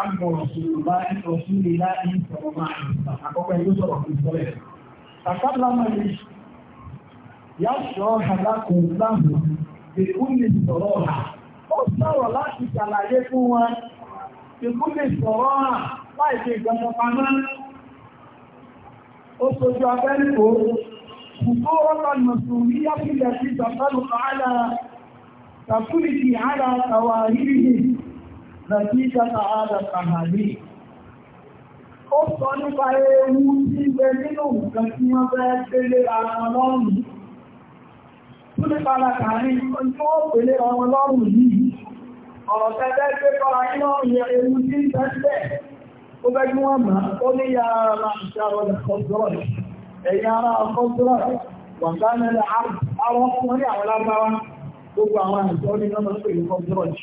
àmọ̀ òṣùlùmá ìtọ̀sílè láì sọ̀rọ̀ máa ń sọ àkọ́kọ́ ẹgbẹ́ sọ̀rọ̀ fún ìsọ̀rẹ̀. Tàkàlà máa lè yá sọ àlákùn láàmù èkú lè sọ̀rọ̀ ọ̀hà. Ó sọ̀rọ̀ láti ṣàlàyé fún wọn. Èkú lè sọ̀rọ̀ ọ̀hà nàìjíríà àádọ́ kàmàlì ó sọ nípa ewu tí ìgbẹ́ nínú nǹkan tí wọ́n fẹ́ gbélé ara lọ́rùn tó nípa alákàárí tó pèlé ọmọ lọ́rùn yìí ọ̀rọ̀ tẹ́lẹ́ gbé kọ́ra iná ìyẹ ewu tí ń tẹ́lẹ̀ ó fẹ́ kí wọ́n mọ̀ ó ní yàrá ìṣàrọ̀ ìkọ́sọ́rọ̀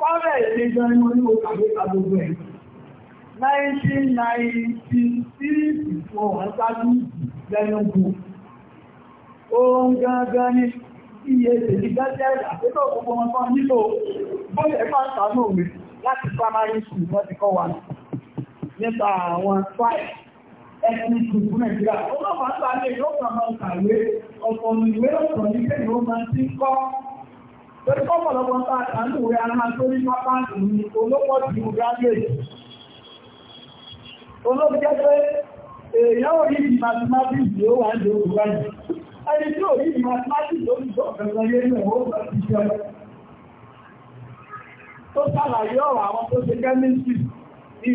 Kọ́rẹ̀ èdè gan ni orí òkàwé àgbogbo ẹ̀. 1996 fún ọ̀hán sáájú lẹ́nugbò. Oòrùn gangan ni iye èdè gẹ́gẹ́ àpétọ̀ gbogbo wọn tán nílò bóyẹ̀ ẹ̀fà sàánú òwe láti primary school wọ́n ti kọ́ wa nípa àwọn five ethnic group Nàìjíríà. Ó náà máa ń sáré yóò kàn máa kàwé ọ̀pọ̀ ìwé ọ̀pọ̀ nígbẹ̀ yóò máa ti kọ́ Torí pọ́pọ̀lọpọ̀ ń tàà kàánù rẹ̀ ara tó ní pápáàkì ní olópọ̀ ti graduate. Olóbi jẹ́ pé èèyàn orí ìdí mathematics ló wà ní orí wáyé. Ẹni tí orí ìdí mathematics ló ń jọ ọ̀gbẹ̀rẹ̀ yé ní ọwọ́ ọ̀gbẹ̀ ti jẹ́. Tó sàlàyé ọ̀rọ̀ àwọn tó ṣe chemistry ní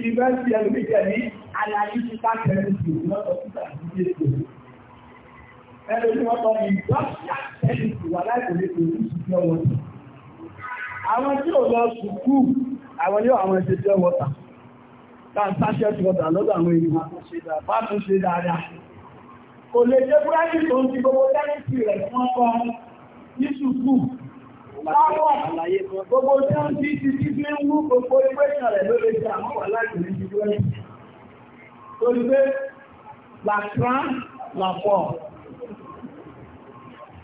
University of Michigan ní Analytical Chemistry lọ́sọ̀tún àti Jésù ẹni tí wọ́n tọ́ ní ìjọ́síà ẹni tí wà láti lè tó ní ìṣẹ́ wọ́ta. Àwọn tí ò lọ sùkú, àwọn yóò àwọn ìṣẹ́ wọ́ta. Tàǹtàṣẹ́ wọ́ta lọ́dọ̀ àwọn ènìyàn bá tún ṣe dáadáa. Kò lè jẹ́ búrẹ́dì tó ń ti gbogbo tẹ́lifì rẹ̀ fún ọkọ̀ ní sùkú. Láwọ̀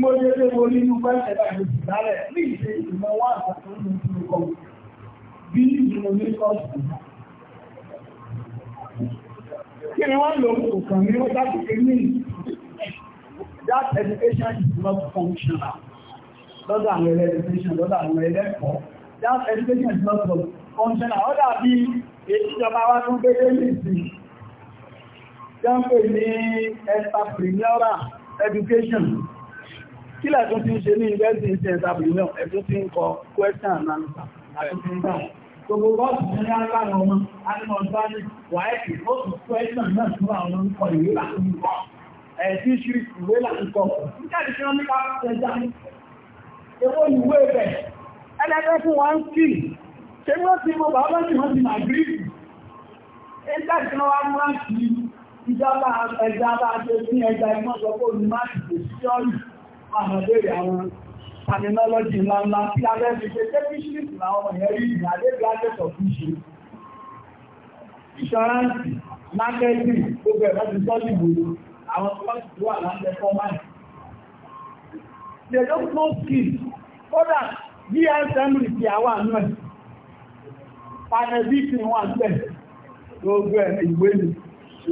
Mo lè lè wo nínú bẹ́ẹ̀ báyìí dálẹ̀ ní ìṣe ìmọ̀ wá àtàkùn ní ìlú kan. Bí ìmọ̀ ní kọ́ọ̀sì. Kí ni wọ́n lò kò kàn ní wọ́n dájú pé ní that education is not functional. Lọ́dọ̀ àwọn ẹlẹ́ education, lọ́dọ̀ àwọn ẹlẹ́kọ̀ọ́. That education is not functional. Ó dàbí èyí ìjọba wa tún gbé Jọ́ǹpẹ̀ ní entrepreneurial education kílẹ̀ tó ti ń ṣe ní university in sense abu union ẹ̀tún ti ń kọ question and answer àti ń dáhùn gbogbo gọ́ọ̀sì ní aláàrẹ ọmọ animal valley wáyẹ̀kì ó sì question náà tó àwọn orúkọ ìwé láti ń kọ ẹ̀sí ṣú ìwé láti kọ níkàdí tí wọ́n ní ká tẹja ewó ìwé bẹ̀ ẹlẹ́gbẹ́ fún wọn ń kì ṣe ní wọ́n ti mọ bàbá tí wọ́n ti mà gírísì nígbà tí wọ́n wá mú láti ìjọba ẹja bá ṣe sí ẹja ìmọ̀ sọ pé olùmọ̀ àti àmàbèrè àwọn terminology ńláńlá tí a rẹ̀ fi ṣe jẹ́ bíṣíríkì láwọn èèyàn rí ìrìn àdébí àjẹ́tọ̀ fún ṣe ìṣọ́ráǹsì mákẹ́tì gbogbo ẹ̀rọ ti sọ́ọ̀lì ìwòye àwọn sọ́ọ̀lì tó wà láńjẹ fọ́máì they don't know skills kódà gsm rìkì àwọn àmì panelbiti wọn tẹ̀ gbogbo ẹ̀ ìwé ni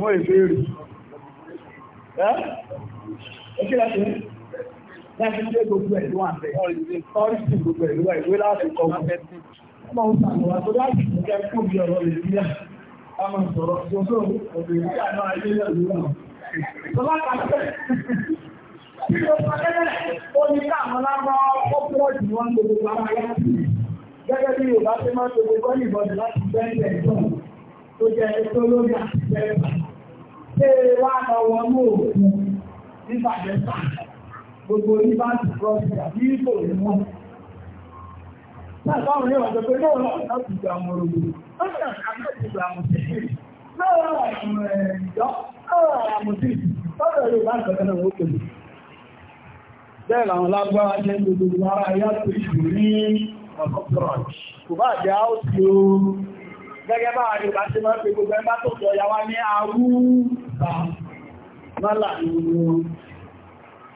wọ́n ìbéèrè ẹ́ ẹ̀kílẹ̀ Láti ṣe gbogbo ẹ̀lú àfẹ́, ọ̀rìsìn gbogbo ẹ̀lú ẹ̀lú láti kọ́ Ọmọ òṣàlọ́wà tó láti jẹ́ fún bí ọ̀rọ̀ lè rí à. A máa sọ̀rọ̀ tí ó tó ọ̀bẹ̀ ìrí àná ayé lẹ́lú náà. Tọ́lá kàfẹ́. Tí ó sọ gẹ́gẹ́ ó ní káàmù lábọ́ ó pọ̀ jù wọ́n gbogbo ara yá sí. Gẹ́gẹ́ bí Yorùbá ṣe máa ń tó jẹ́ tó lórí àti bẹ́ẹ̀. Ṣé wá lọ wọnú òkú nígbà jẹ́ sáà? gbogbo rivers crossing àbí ìbò ní wọ́n. Náà báwọn yóò wájọ pé lóòrọ̀ láti gba àwọn orogbo, lóòrọ̀ àwọn òṣèlú, lóòrọ̀ àwọn ẹ̀yọ́, lóòrọ̀ àwọn òṣèlú, lóòrọ̀ yóò bá ìgbàkan náà wókè. Bẹ́ẹ̀ làwọn lágbára jẹ́ gbogbo ara yá sí gẹ́gẹ́ bá àrí bá ṣe máa ń gbogbo ẹgbá tó sọ ya ní arú bá mọ́là ìlú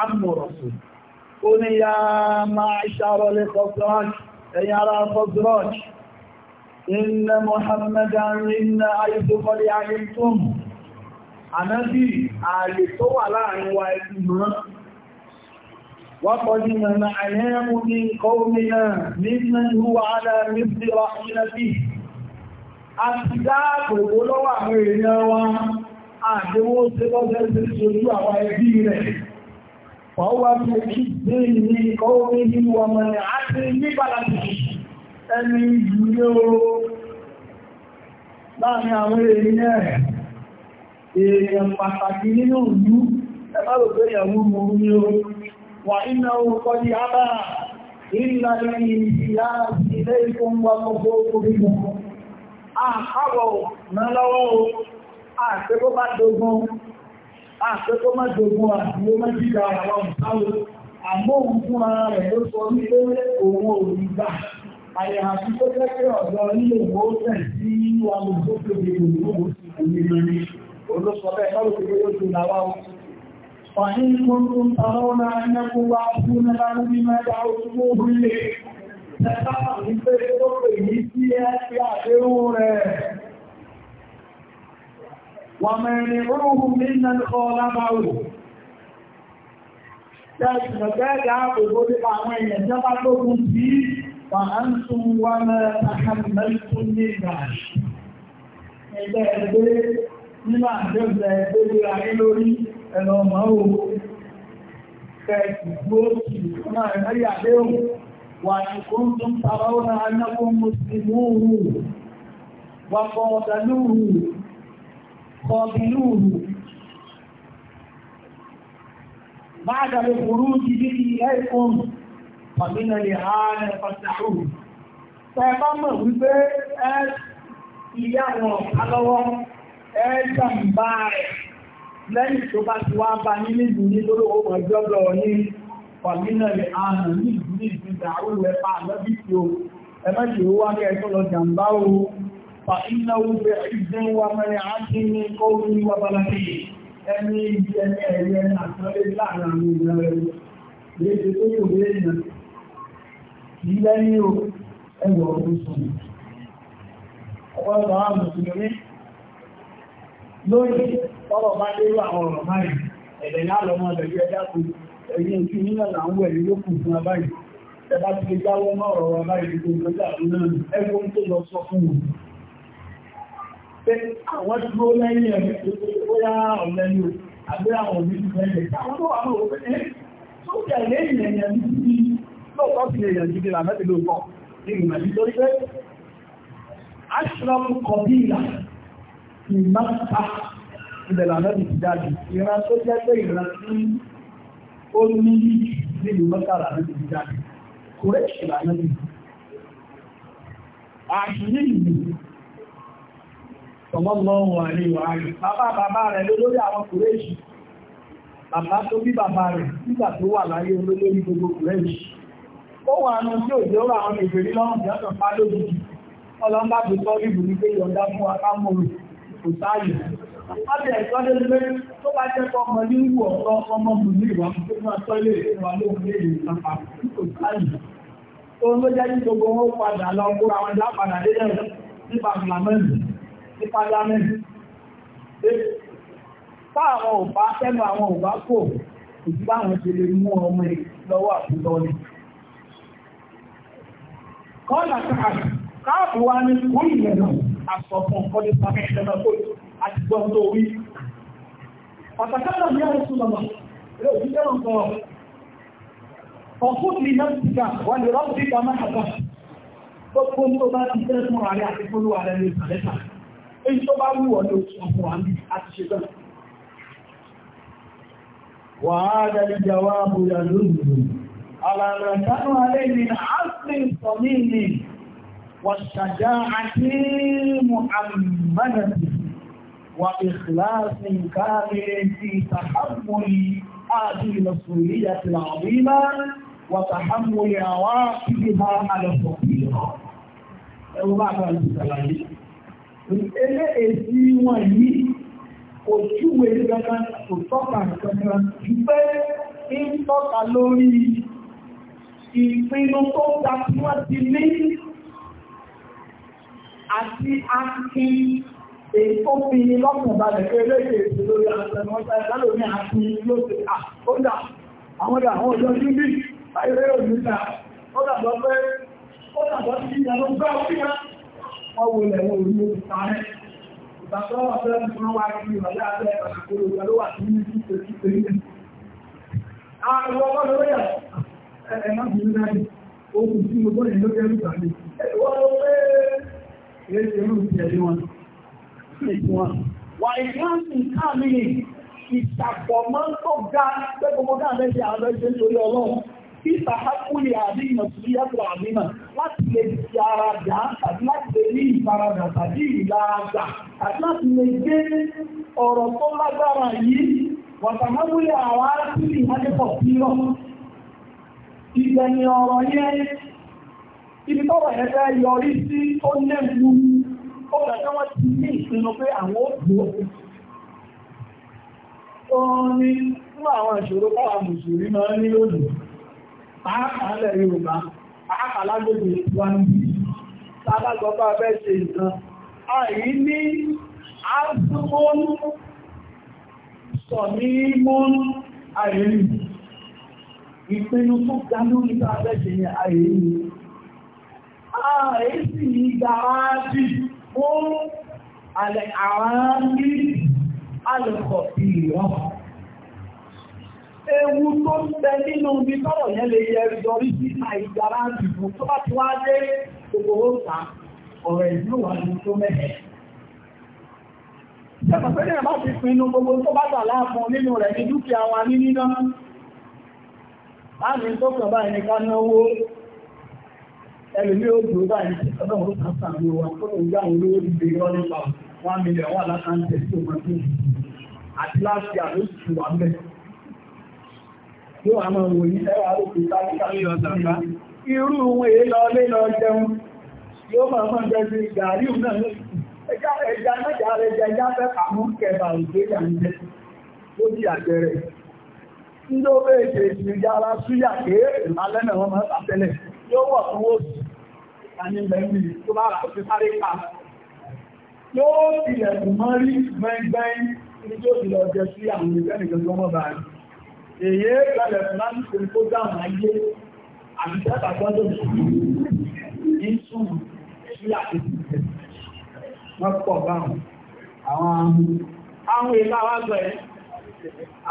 amúrọ̀sù ó ní ya máa ṣàrọ̀ lè kọsirọ́ọ̀ṣì ẹ̀yìn ara kọsirọ́ọ̀ṣì inna muhammadan inna ayébúkọ́lé ayétún anábì ààyè tó wà láàrin wa ẹ̀kùn mọ́ وقد منعناه من قومنا ممن هو على مثل رحمته àti dáàbòbò lọ́wọ́ àwọn èèyàn wa àdíwó tí lọ́sẹ̀ sí ṣojú àwọn ẹbí rẹ̀ Ọwọ́ bí kí dé ní orí ní ọmọ rẹ̀ àti nígbàlá ti ẹni ìlú láàrin àwọn èèyàn rẹ̀. Èèyàn pàtàkì nínú ìlú ẹgbàrò pé ìyàwó mọ̀rún ní o. Wà iná orúkọ di àbá ìlà ìyá ilé ìfúnwà gbogbo orí mọ̀. Àkàwọ̀ náà lọ́wọ́ o, àti bó àṣẹ́kọ́ má jogun àti ó má jíga àwọn ìsáwò àmọ́ òun fún ara rẹ̀ ló sọ wípé òun ò rí gbà àyàfi tó jẹ́ pé ọ̀dọ́ nílé ìwọ́ tẹ̀ sí àwọn olùdókòwò ìlú òmìnira ni olóṣọ bẹ́ẹ̀ lọ́rọ̀ tó yóò tó làwá فإن كنتم ترون أنكم ومانعوهم ممن خالفه Tẹ́sìmọ̀tẹ́gà ògbó nípa àwọn èèyàn jẹ́ bá tó kún sí fàánsùn wọn àhàmẹ́sùn ní ìgbàṣì. Ẹgbẹ́ ẹgbẹ́ nínú àjọ́gbẹ̀ ẹgbẹ́ lórí ayé lórí ẹ̀lọ ọmọ òun. Tẹ́sì gbóò sí náà ẹ̀mẹ́rí àdéhùn wà ní kúntùn tàbáwọn قابلوه بعد الخروج به إليكم فمن الإهانة فاستحوه Tẹ́ẹ̀bá mọ̀ wípé ẹ ìyàwó alọ́wọ́ ẹ jàmbá rẹ̀ lẹ́yìn tó bá ti wá bá ní nígbù ní lórí owó ọjọ́lọ ní pàmínà rẹ̀ ààrùn ní ìgbìyànjú ìgbìyànjú àwọn ẹ̀fà lọ́bí tí ó ẹmẹ́jì ó wá ẹ̀tọ́ lọ jàmbá o فإنه بعز ومنعة من قومي وبلدي ẹni ìjẹni ẹ̀yẹ àtọ́lé láàrin àwọn ìgbà rẹ̀ léṣe tó ti sọ pé àwọn dúró lẹ́yìn ẹ̀rẹ́ tó yá ọ̀lẹ́yìn àbí àwọn òbí ti fẹ́ lẹ̀ àwọn tó wà ní òwe pé eh, tó jẹ́ lẹ́yìn ẹ̀yẹ ní lóòtọ́ sí èèyàn jíde làmẹ́tì lóòtọ́ ní ìmọ̀ nítorí pé ashram kọbílà ìmọ̀ta ilẹ̀ làmẹ́tì ti dájú ìran tó jẹ́ pé ìran tí ó ní nínú mọ́ta làmẹ́tì ti dájú kúrẹ́ṣì làmẹ́tì àṣírí ìlú ọmọlọ́wọ̀ àríwá rí bàbá bàbá rẹ̀ lólórí àwọn kùrẹ́ṣì bàbá tó bí bàbá rẹ̀ nígbà tó wà láyé olólórí gbogbo kùrẹ́ṣì ó wà nù tí òjò rà àwọn ìgbèrí lọ́rùn tí ọ̀sán pa lójijì ọlọ́mbà tó tọ́ ríbù ní pé yọ̀ǹda fún akámọ̀rò kò sáàyè láti ẹ̀sọ́ lé lé tó bá jẹ́ kọ́ ọmọ ní wù ọ̀tọ́ ọmọ mù ní ìwà tó máa tọ́ ilé ìwà lóhun lè lè sàpà kò sáàyè tó ló jẹ́ ní gbogbo wọn padà lọ kóra wọn lápadà dé náà nípa flamẹ́ǹdì sí pálámẹ́ntì táwọn òbá tẹ́nu àwọn òbá kò kò sí báwọn ṣe lè mú ọmọ ẹ̀ lọ́wọ́ àkútọ́ ni kọ́lá káàkù wá ní kún ìrẹ̀nà àsọ̀fún kọ́lé pàmẹ́sẹ̀nà tó àti gbọ́n tó wí pàtàkàtà ní àwọn ìsúnmọ̀mọ̀ ilé òṣìṣẹ́ wọn kọ́ ọkùn ní nàìjíríà wà lè rọ́pù èyí tó bá wù ọ́ ní oṣù ọ̀pọ̀ àmì àti ṣe tán. Wà á dẹ̀lẹ̀ jẹwa àbúrà lóòrùn. Àlàrà dánú alẹ́ ni Asmin Sọmíìlì wà àti Muhammadati wà ìkìláàsì káàrẹ̀ ti àwọn àfihàn alẹ́sọ̀kìlọ̀. Elé èsì wọn yìí kò júwe gangan kò tọ́ka gangan jù pé ń tọ́ka lórí ìpinnu tó ga tí wọ́n ti ní àti akin èyí tó fi lọ́kàn balẹ̀ pé elé èsì lórí àtẹnumọ́ta ìdálò ní akin ló ó dà àwọn ọjọ́ wọ́n wo lẹ̀wọ̀n orí ó ti parẹ́. Ìgbàtọ́wọ́ fẹ́ ti wọ́n wá kí ìrọ̀lẹ́ sí Àwọn ọmọ ìlú tàbí. Wọ́n ló pé ti wọn. Wà káàmì ìṣàpọ̀mọ́ tó ga gbogbo àwọn títà hákúlì àbí ìmọ̀sílẹ́tọ̀ àmìmọ̀ láti lè ti ara láti lè ní ìfaradà tàbí láti lè gbé ọ̀rọ̀ tó lágbára yìí wàtàmáwúlì àwọn arákùnrin ìhájẹ́pọ̀ sílọ̀ àwọn ìṣòro báwa mùsùlùmí pàápàálẹ̀ Yorùbá pàápàálágbègbè wà ní sábàgbọ́gbà fẹ́ ṣe nǹkan àìyí ní àásùmọ́n sọ̀nímọ́n àìrí ìpinnu tó ga lórí bá fẹ́ ṣe ní àìrí àìrí sì ní gbàrájì fún àlẹ̀ àrárí alẹ́kọ̀ọ́ ìrọ̀kọ̀ ewu tó ń tẹ nínú ibi tọ́rọ̀ yẹn lè yẹ ìjọrí sí àìjára ìbò tó bá ti wá dé gbogbo ó ta ọ̀rọ̀ ìlú wà ní tó mẹ́ẹ̀. Ìjọba pé ní ẹ̀bá ti pinnu gbogbo tó bá gbà láàfún nínú rẹ̀ ní dúkìá wa ní níná. Láàmì tó kàn báyìí ní ká náwó ẹlùmí ó dúró báyìí tí ọdọ́ òun kan sàmì wa tó ń gbà àwọn olówó dìde irọ́ nípa 1 million wà lákàntẹ̀ tí ó máa tó àti láti àlóṣù wà mẹ́rin. yóò irú ohun èé lọ lọ jẹun yóò máa máa jẹ sí gàárì náà ẹja fẹ́ kẹfà ó di àjẹrẹ ara súyà yóò wọ̀ èyí lọ́lẹ̀ máa ń fi kó dáhùn ayé àbíṣẹ́ta gbọ́dọ̀ ní sùn sí àtẹ́sìtẹ̀ wọ́n pọ̀ báhùn àwọn àwọn ìlà wá gbọ́ ẹ̀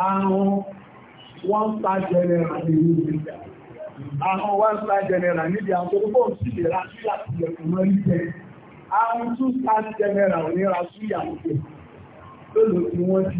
àwọn wọ́n pa jẹnẹrà ní ìlú àwọn wọ́n pa jẹnẹrà níbi àwọn tó bọ́ sí ìlera sí àtìlẹ̀kùn mọ́ ìjẹ́ àwọn tún pa jẹnẹrà òníra sí ìyàwó lóòlò tí wọ́n ti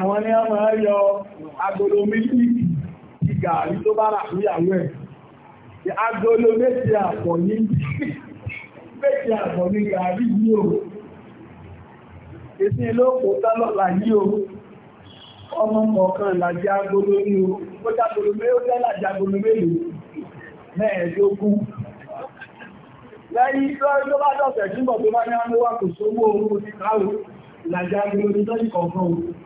àwọn ni a máa yọ agolo mílíkì ti gààrí tó bá rà níyàwó ẹ̀ agolo méjì àpọ̀ ní méjì àpọ̀ ní gààrí yìí o èsì ló kò tálọ́lá yìí o ọmọ kọ̀ọ̀kan làjẹ́ agolo ní o ó jágolo mélòó lẹ́làjẹ́ agolo mélòó mẹ́ẹ̀ẹ́dógún lẹ́yìn tó bá dọ̀sẹ̀ tí mọ̀ tó bá ní àwọn wà kò sówó ti káàrù làjẹ́ agolo ní tọ́jú kọ̀ọ̀kan o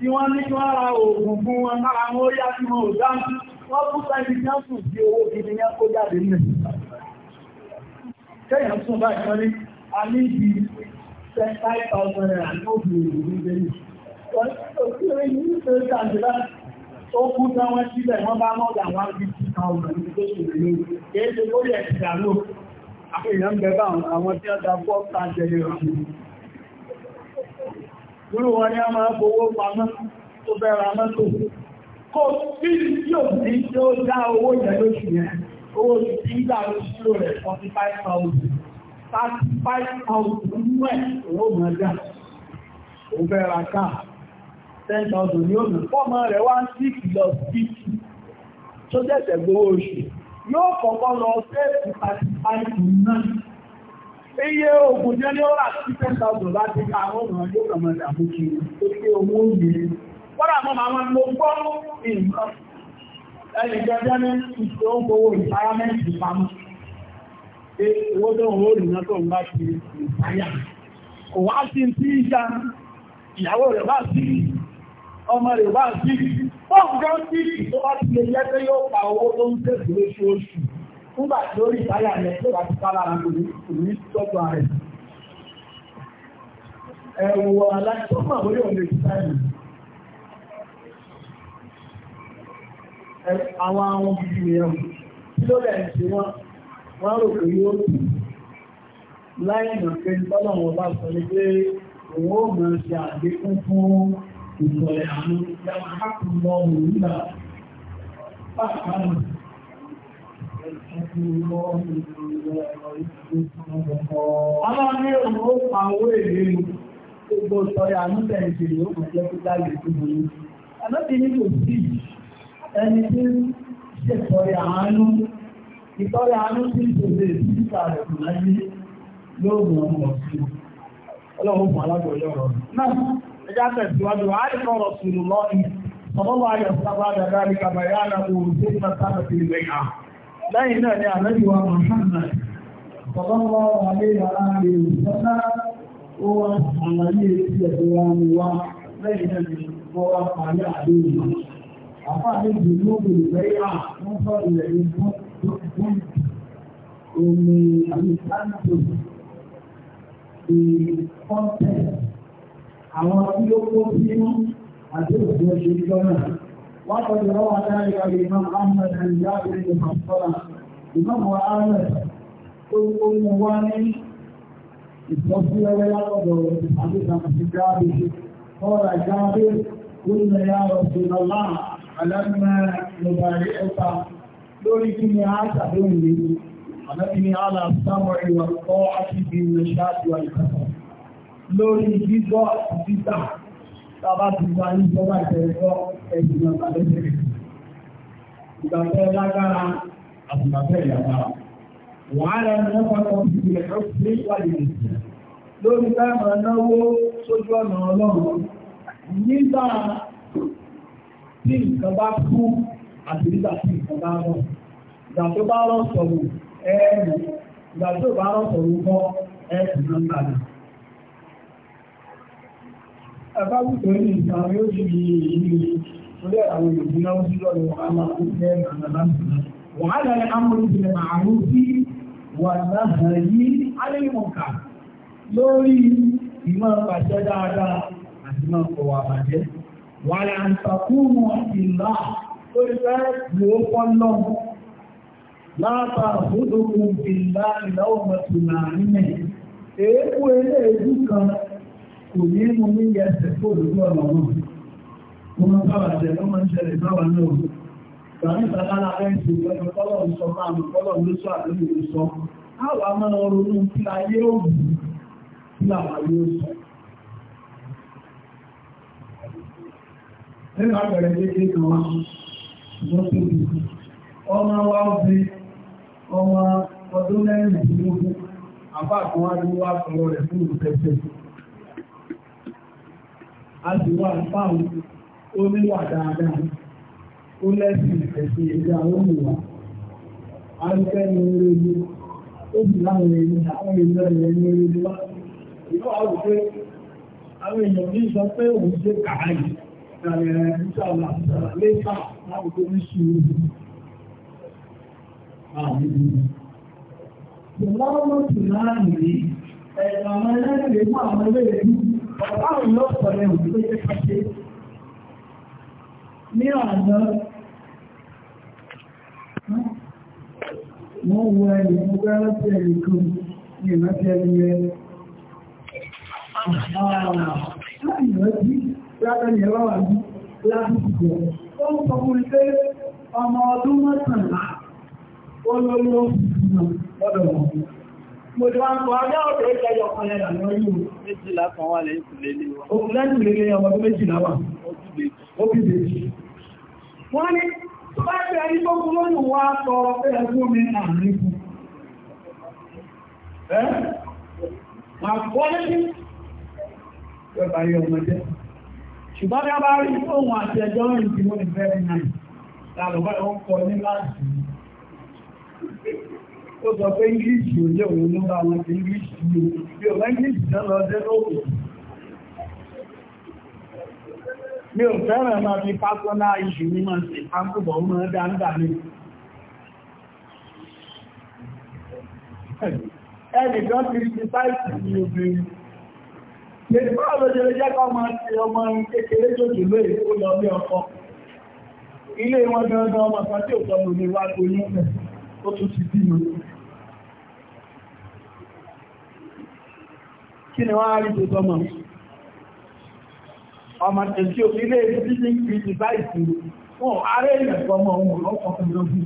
tí wọ́n ní wọ́n ra oògùn fún wọn lára wọn ó yá sí wọn ò dáńtú wọ́n kú sáyé jáǹsù sí owó gidi ní kó jáde nílẹ̀. kẹ́yàn tún bá ìkan ní a ní ibi five thousand naira ní òbí òbí bẹ́ẹ̀ wọ́n tó kí ní ṣe é jáde láti ó kú táwọn sílẹ̀ wọ́n bá mọ́gà wọn bí two thousand ní tó ṣe lè lórí kì í ṣe lórí ẹ̀sìn àlọ́ àpèyàn ń bẹ bá àwọn tí wọ́n da four irú wọn ni a máa fowó pamọ́ tó bẹ̀rẹ̀ mọ́tò kò sí yóò sí tí ó dá owó yẹn yẹn owó ti ti ń rẹ̀ 45,000 35,000 ó bẹ̀rẹ̀ káà rẹ̀ wá sí lọ sí tó jẹ́sẹ̀ gbowó oṣù yóò kọ̀kọ́ lọ sí 35,000 iye oògùn jẹ́ ní ọ́rà sí 10,000 láti àwọn ọ̀nà yóò rọ̀mọ̀ àmúkí orílẹ̀ owó yìí wọ́nà mọ́ máa ń lo gbọ́ ìmọ̀ ẹnìjọjọ́ ní ìṣẹ́ ògbówó ìfáyámẹ́ntì pamọ́ pé owó tó ń rí náà tó ń bá ti ìfáyà kò wá sí sí ìjà ìyàwó rẹ̀ wá sí ọmọ rẹ̀ wá sí fọ́ọ̀gán sí ìtọ́wá ti lè jẹ́ pé nígbà tí ó rí ìtayà rẹ̀ tó bá ti ká lára kò ní tọ́jú ààrẹ. Ẹ̀wọ̀ aláìsọ́mà orí òun lè sáyẹ̀. Àwọn àwọn bíbí mìíràn tí ló lẹ̀ ṣe wọ́n wọ́n rò pé yóò tù láì nà pé tọ́lọ̀ wọn bá sọ ní pé òun ó mọ̀ ṣe àgbékún fún ìtọ̀lẹ̀ àánú ìyá máa kù lọ́wọ́ nígbà pàápàá Ọlọ́run ní òun ó pa owó èlé mu, gbogbo ìtọ́rẹ àmúbẹ̀ ìṣèlú ó kàn jẹ́ kó tó ní kò sí ẹni tí ń àánú, àánú tí ń sí ìta rẹ̀ láyé sí. Ọlọ́run fún rọ̀. Náà, tẹ̀síwájú, sùn lọ́ọ̀ni, sábà dàgbà ní kàbàyà náà òun tó ń bá sábà sí lẹ́yìn náà ni àlẹ́jùwà Muhammad sallallahu alaihi wa alihi wa sallam ó wá àlàyé tí ẹ̀dọ́ wa ni wá lẹ́yìn náà ni wọ́n wá parí àdéhùn àpá àdéhùn ló bèrè lẹ́yà wọ́n àwọn tí ó kó sínú àdéhùn tó lọ́nà وقد روى ذلك الإمام أحمد عن جابر بن حصلة الإمام أحمد قل أم واني استوفي ويقضوا حديث عن جابر قال جابر قلنا يا رسول الله ألم نبايعك lórí kí ni a ṣàdéhùn lè ní àmẹ́bí ni a láà sáwọn ìwà Bàbá ti wá ní ìjọba ìtẹ̀lẹ́kọ́ ẹ̀sìn ọ̀gá lẹ́sẹ̀. Ìgbàfẹ́ lágbára àti ìgbàfẹ́ ìyàgbára. Wàhálà ẹni wọ́n fọ́ kan fi ilẹ̀ ó sí wàlẹ̀ ìsìn. Lórí táìmọ̀ náwó sójú ọ̀nà ọlọ́run. Nígbà tí nǹkan bá kú àti nígbà tí nǹkan bá rọ̀. Ìgbà tó bá rọ̀ sọ̀rọ̀ ẹ̀ẹ́rù. Ìgbà tó bá rọ̀ sọ̀rọ̀ kọ́ ẹ̀ẹ́sì náà àbábùtò ní ìtàn yóò fi ìlú orí àwọn ìgbìnà ojú lọ́dọ̀ àwọn akókẹ́ àgbàlagbà wàhálà ní amúlùbìnrin àrùn sí wà láhàá yí alẹ́mọ̀ká lórí ìmọ̀ pàṣẹ dáadáa àti máa kọ̀wà bàjẹ́ wà ní àǹtàkùnmù ìlà lórí fẹ́ lòó pọ́nlọ́ látàrí fúdùkù ìlà ìlà òmùtù nàánú ẹ̀ èébú kan kò ní mú ní ẹsẹ̀ kó lórí ọ̀nà náà wọ́n máa bá wàjẹ́ wọ́n máa ń ṣẹlẹ̀ báwa náà tàbí sàlára rẹ̀ ṣe ìgbẹ́nu kọ́lọ̀ ń sọ máa mú kọ́lọ̀ ló sọ àdúgbò ló sọ àwa máa ronú kí ayé ó bù kí làwa yóò sọ nínú àgbẹ̀rẹ̀ dédé kan wá ló tóbi ọmọ wa obì ọmọ ọdún mẹ́rin ìdílógún àbá kan wá sọ̀rọ̀ rẹ̀ fún ìrùtẹ́sẹ̀ a sì wà dáadáa ó a ní orí ojú ó sì láwọn ẹni àwọn èèyàn rẹ̀ ní orí ojú wá ìlú àwọn pé àwọn èèyàn ní sọ pé òun ṣe ẹ̀rẹ̀ lẹ́fà ní sùúrù Ìlú àwọn ọmọ Bàbá òun yóò sọ ẹ òun tó yẹ ká ṣe. Ní àná, wọ́n wọ ẹni tó gbá láti ẹni kan ní ìrántí ẹni rẹ̀. Ah, láì rántí, láti ẹni ẹwà wà ní láti ìgbọ̀. Ó ń sọ fún ilé ọmọ ọdún mọ́kànlá, ó lọ́lọ́ mo ti wá ń kọ ọjọ́ òkè ìjẹyọ ọkùnrin ẹ̀rọ lórí ìlú. méjìlá kan wà lẹ́yìn tìlé ní wọn. òkú lẹ́yìn tìlé ní ọmọ tó méjìlá wà. ó bí bèjì. wọ́n ní tó bá ṣe ẹni tó kú lónìí wá sọ ẹ̀rọ fún mi àárín fún. ẹ́ máa kọ́ létí. yóò bá yọ ọmọ ṣùgbọ́n bí a bá rí ohun àti ẹjọ́ rìn tí mo ní fẹ́ẹ́ náà. lálùbọ́ tó sọ pé English ò jẹ́ òun ló bá wọn English ló bí ọ̀rọ̀ English jẹ́ lọ jẹ́ lóòkù mi ò fẹ́ràn máa fi ní máa mọ́ dáńdà ní ẹnìkan ti rí ti ní obìnrin ọmọ kékeré ó lọ ọkọ ilé wọn dandan ọmọ kan tí ò sọ wá ó tún kí ni wọ́n rí tó sọmọ̀ ọmọ ẹ̀sí òfilé ìdíjí kìrìtìsáìsì fún ààrẹ ìrẹ̀kọ́mọ̀ ohun ọkọ̀kùn lójú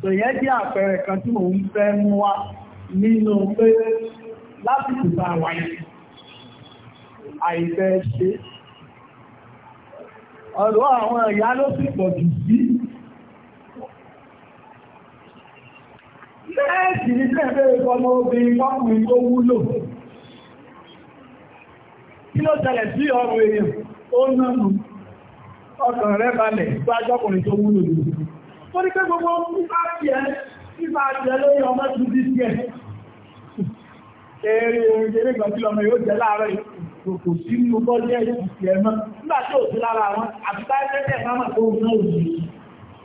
tòyẹ́ jẹ́ àpẹẹrẹ kan tí mo ń fẹ́ mú wá nínú pé láti tìta wáyé àìfẹ́ ṣe ọ̀rọ̀ àwọn ìyá ló sì pọ̀ jù sí Ṣẹ́ẹ̀kì ní tẹ́ẹ̀fẹ́ ìfọmọ obìnrin fọ́kùnrin tó wúlò. Kí ló tẹ̀lẹ̀ sí ọrùn èèyàn? Ó nánú. Ọkàn rẹ̀ balẹ̀ tó tó wúlò lò. Ó ní pé gbogbo kò sí mú bọ́ jẹ́ ìsìnkú ẹ̀mọ́. Nígbà ò sí lára wọn, àbúkà ẹgbẹ́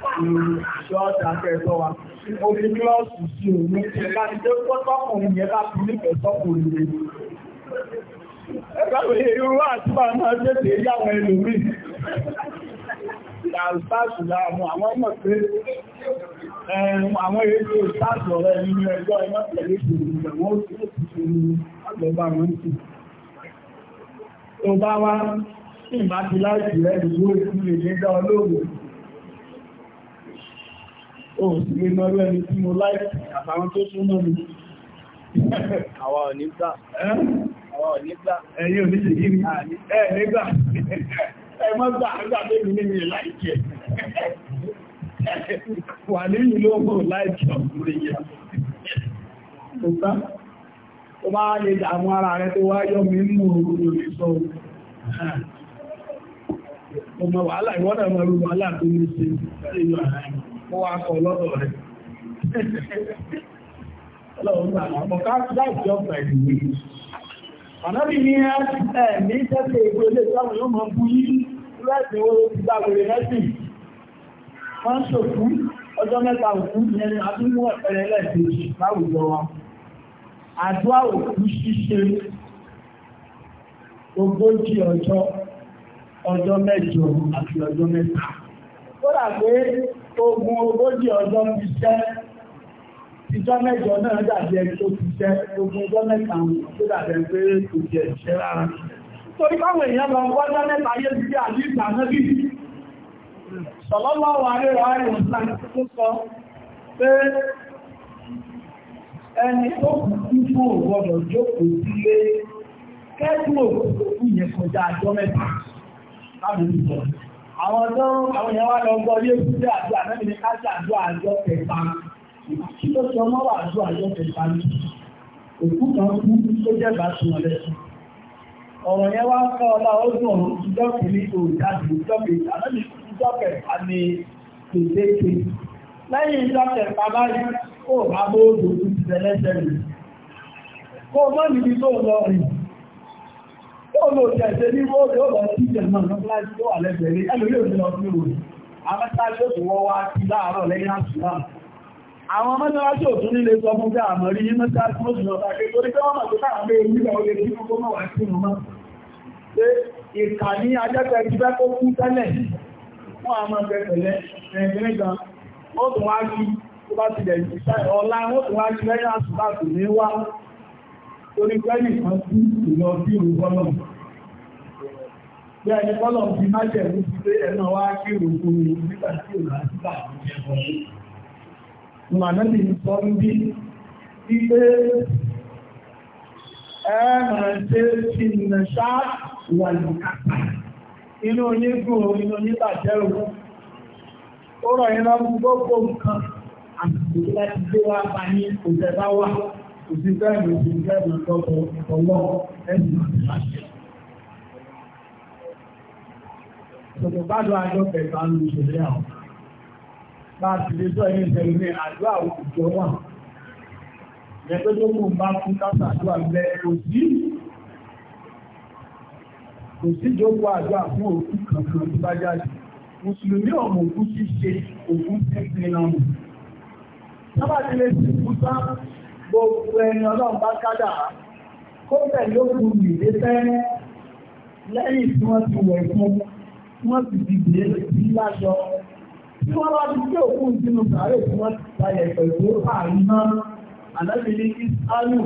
ìṣọ́ọ̀tà akẹ́ẹ̀tọ́ wa. Mo fi kílọ́ọ̀sì sí òun nípa ní tó pọ́tọ́kùnrin yẹn bá fi nífẹ̀ẹ́ sọ́kùnrin rẹ̀. Ẹgbẹ́ irú àti bá máa tètè yá ẹlòmí. Ìdàrúsáàsù láàmú àwọn ọmọ pé àwọn èdè ìsáàsù ọ̀rẹ́ nínú ẹgbọ́ iná pẹ̀lú ìgbìyànjú wọ́n ó sì ti ṣe ọgbà wọn sí. Tó bá wá, ìbá ti láìsí rẹ̀ ìlú ìsúlè òsì lè mọ́ rẹ̀ tí mo láìsí àtàwọn tó súnmọ́ mi. Àwa ò nígbà. Àwa ò ní ṣe gírí. Ẹ nígbà. Ẹ mọ́ gbà ní mi Wà ní ìlú ọmọ láìjọ lórí yà. ọmọ wàhálà ìwọ́nà ọmọ wàhálà tó ní ṣe ṣe mo wá kọ lọ́dọ̀ rẹ̀. Ànábì ní ẹ̀mí tẹ́tẹ̀ ìgbò ilé ìsáwọn yóò mọ̀ bú yí láti owó ti bá wèrè lẹ́sìn. Wọ́n ń ṣòkú ọjọ́ mẹ́ta òkú yẹni àdúgbò ẹ̀rẹ́ lẹ́ẹ̀kejì láwùjọ wa. Àdúà òkú ṣíṣe ogójì ọjọ́, ọjọ́ mẹ́jọ àti ọjọ́ mẹ́ta. Kódà pé ogun ogójì ọjọ́ ti jẹ́ ìjọ mẹ́jọ náà dàbí ẹni tó ti jẹ́ ogun ọjọ́ mẹ́ta tó dàbí ẹni pé kò jẹ́ ìṣẹ́ rárá torí báwọn èèyàn lọ wọ́jọ́ mẹ́ta yé sí àti ìtànẹ́bí sọ̀lọ́lọ́wọ́ arẹ́rọ̀ àìrùn tó sọ pé ẹni tó kú fún ògbọ́dọ̀ jókòó sílé kẹ́kùn òkú yẹn kọjá àjọ mẹ́ta láàrin ìjọba àwọn tó àwọn èèyàn wá lọ gbọ́ ilé ìgbésí àjọ àmẹ́bí ní káṣí àjọ àjọ kẹta kí ló sọ mọ́ wà àjọ àjọ kẹta ní òkú kan kú tó jẹ́ bá sùn ọ̀lẹ́ ọ̀rọ̀ yẹn wá kọ́ ọlá ó dùn ọ̀run ìjọ kìíní tó jáde ìjọ kejì àmẹ́bí ìjọ kẹta ní gbèdéke lẹ́yìn ìjọ kẹta báyìí kó àbó òdòdó ti tẹ̀lẹ́sẹ̀ rẹ̀ kó mọ́ níbi tó lọ rìn olóòjẹ́ ìṣẹ́ ní wọ́n yóò lọ sí ìjẹ̀ náà lọ́pọ̀ láti tó wà lẹ́gbẹ̀ẹ́ ní ẹlòmí òní lọ sí òní amẹ́tàlẹ́ òtù wọ́n wá sí láàárọ̀ lẹ́yìn àṣìlá àwọn mẹ́tàlẹ́ òtù nílé sọ fún pé àmọ́ rí mẹ́tàlẹ́ òtù lọ́ta pé torí pé wọ́n mọ̀ tó káàkiri pé ìgbà olè tí kókó mọ̀ wá sí ìrùmọ́ pé ìkà ní ajẹ́kẹ́ ti fẹ́ kó kú tẹ́lẹ̀ fún àwọn ọmọdé pẹ̀lẹ́ ẹ̀ẹ́dẹ́rẹ́ gan ó tún wá sí tó bá ti dẹ̀yìn ọ̀la ó tún wá sí lẹ́yìn bí ẹni fi jẹ̀rú pé ẹ̀nà wá kí ni nígbà tí ò láti ẹ̀kọ́ ní. sọ ń bí i pé ti nà ṣá wà Inú inú Ó rọ̀ gbogbo Tòkòbádọ́ àjọ kẹta ń lu ìṣẹ̀lẹ̀ àwọn. Bá ti lè sọ ẹni ìṣẹ̀lẹ̀ ní àdúrà òkùnjọ wà. Ìyẹ́pẹ́ tó mú bá fún káṣà àdúrà lẹ kò sí. Kò sí ìjókòó àdúrà fún òkú kankan tó bá jáde. Mùsùlùmí ọ̀mù òkú ṣíṣe òkú tẹ́sí náà mù. Sábà ti lè sì kú sá gbogbo ẹni ọlọ́run bá kádà kó tẹ̀lé òkú ìdẹ́fẹ́ lẹ́yìn tí wọ́n ti wẹ̀ fún wọ́n ti di gbé sí lájọ. Tí wọ́n bá ti gbé òkú sínú sàárè tí wọ́n ti balẹ̀ pẹ̀lú àárín náà, àlábì ní Ìsálù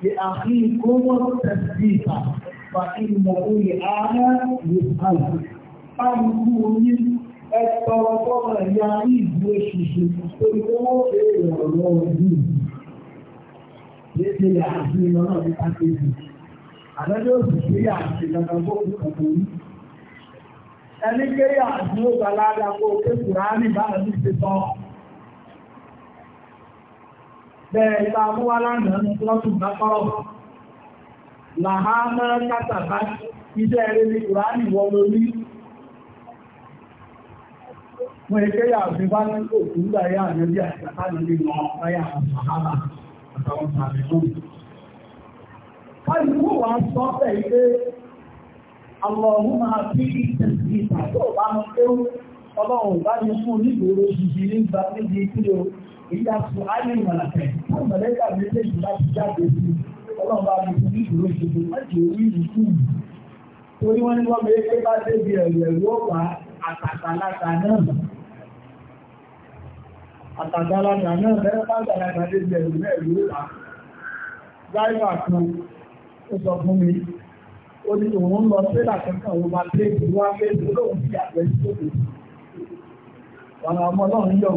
ṣe àfihàn kó wọ́n tẹ̀sí ìta fa ìmọ̀ oyè ààrẹ ìlú Ìsálù. Báyìí kú orí ẹ̀tọ́ ọgọ́rùn-ún ẹ̀yà ní ìlú èṣìṣe torí owó èrè ọ̀rọ̀ ọdún. Léde yà àti ìlọ́nà ní Pàtẹ́jì. Àdájọ́ òṣìṣẹ́ yà àti ìlànà gbọ́dọ̀ kọ̀ọ̀kan ẹni kéré àdúró balaga kó o ké kùránì bá ní ti Bẹ́ẹ̀ ìta mú wá lánàá ní Tọ́tù Bákọ́rọ̀. Làhá mẹ́rẹ́ kátàbá iṣẹ́ eré ní kùránì wọ lórí. Mo èké yà bá ní Allahumma fi ìtẹ̀síta tó bá mọ́ pé ọlọ́run bá ní fún onígbòrò ṣìṣì ní ìgbà níbi ìpínlẹ̀ ìyá fún ayé ìmọ̀lẹ̀kẹ̀. Wọ́n mọ̀lẹ́kà méjèèjì láti jáde sí ọlọ́run bá ní fún onígbòrò ṣìṣì láti orí ìlú. Torí wọ́n ní wọ́n mẹ́rẹ́ pé bá débi ẹ̀rù ẹ̀rù ọ̀pá àtàtàláta náà. Àtàtàláta náà bẹ́rẹ̀ bá àtàtàláta débi ó sọ ó ní òun lọ tírélà kankan òun máa tẹ́ ìlú wá pé olóhùn sí àgbẹ̀ sí òkè. Àwọn ọmọ náà ń yọ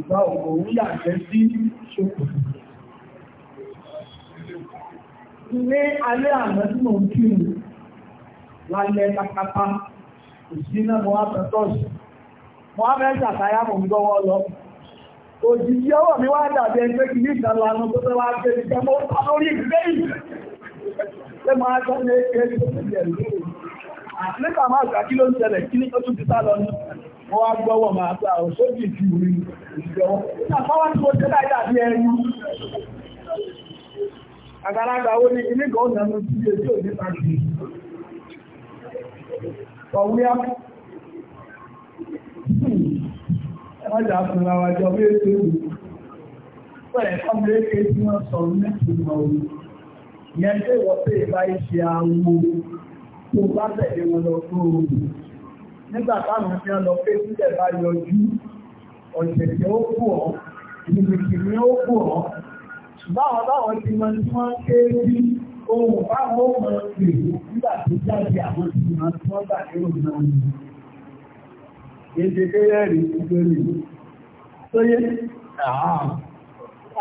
ìgbà òun yàgbẹ́ sí ṣòkò. Ní alẹ́ àná tí mò ń kírun lálẹ́ pátápá, kò sí náà mo wá fẹ́ tọ́sí. Mo wá fẹ́ ṣàtàyà mò ń gbọ́wọ́ lọ. Òjijì ọwọ́ mi wá dàbí ẹgbẹ́ kìíní ìdálanú tó fẹ́ wá gbé ìgbẹ́ mọ́ lórí ìgbẹ́ ìgbẹ́ lẹ́mọ̀ ajọ́ ní ẹgbẹ́ tó ti jẹ̀rù nígbà máa gbà kí ló ń ṣẹlẹ̀ kí ní ọdún ti sá lọ ní wọ́n wá gbọ́wọ́ máa gbà ọ̀ sójú ìfi orí ìjọwọ́ nígbà fáwọn tí mo tẹ́ láì dàbí ẹni àgbàlagbà ó ní ilé kan ọ̀nà ní sí etí òní pàtàkì ọ̀wíá ọjà fún àwàjọ bí ètò ìlú pẹ̀lẹ́ kọ́mílẹ́kẹ́ tí wọ́n sọ̀rọ̀ mẹ́sàn-án Yẹn pé wọ́n pé ìbá iṣẹ́ awo tó bá tẹ̀lé wọn lọ fún oòrùn. Nígbà táwọn tí wọ́n lọ pé sílẹ̀ bá yọjú, ọ̀sẹ̀ tí ó kù ọ́, ìgbìmìtì ni ó kù ọ́. Báwọn báwọn ti mọ tí wọ́n ké bí ohun báwọn ó mọ pè nígbà tó jáde àwọn ti mọ tí wọ́n gbà lérò náà ni. Èdè kéré rí ìgbèrè. Sóyé, àá,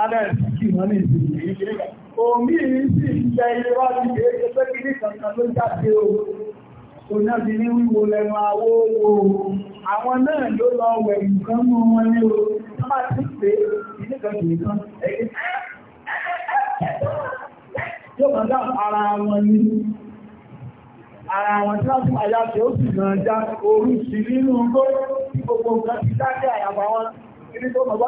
ara ẹ̀sìn kì wọ́n ní ìsìn ìgbèrè omi sí ìjẹ ìrọ́ ti kéèké pé kí ní kankan ló jáde o òná ti ní wíwo lẹ́nu àwọ́ owó àwọn náà ló lọ wẹ̀ nǹkan mú wọn ní o má ti pé ìníkan nìkan ẹ̀yẹ yóò máa dá ara wọn ní ara wọn tí wọ́n fún àyà tí ó sì máa já orí sí nínú gbó gbogbo nǹkan ti dákẹ́ àyàbá wọn kí ní tó mọ̀ bá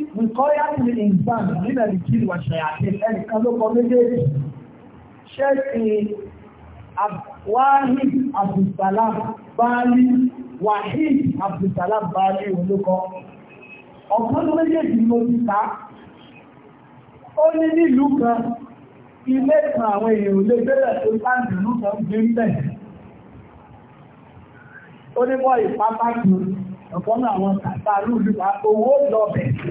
nǹkan yá sí ní exam nílẹ̀ ìjìnlẹ̀ wàṣẹ̀ àti ẹnìkan ló kọ méjèèjì ṣé ti wahid abdulsalam baali wahid abdulsalam baali olókọ ọ̀kan ló méjèèjì ló ti ta ó ní nílùú kan ilé kan àwọn èèyàn ò lè bẹ̀rẹ̀ tó sáàdì ìlú kan gbé ń bẹ̀ ó ní bọ́ ìpápá kan ọ̀kan náà àwọn kàtà lùlù owó lọ bẹ̀rẹ̀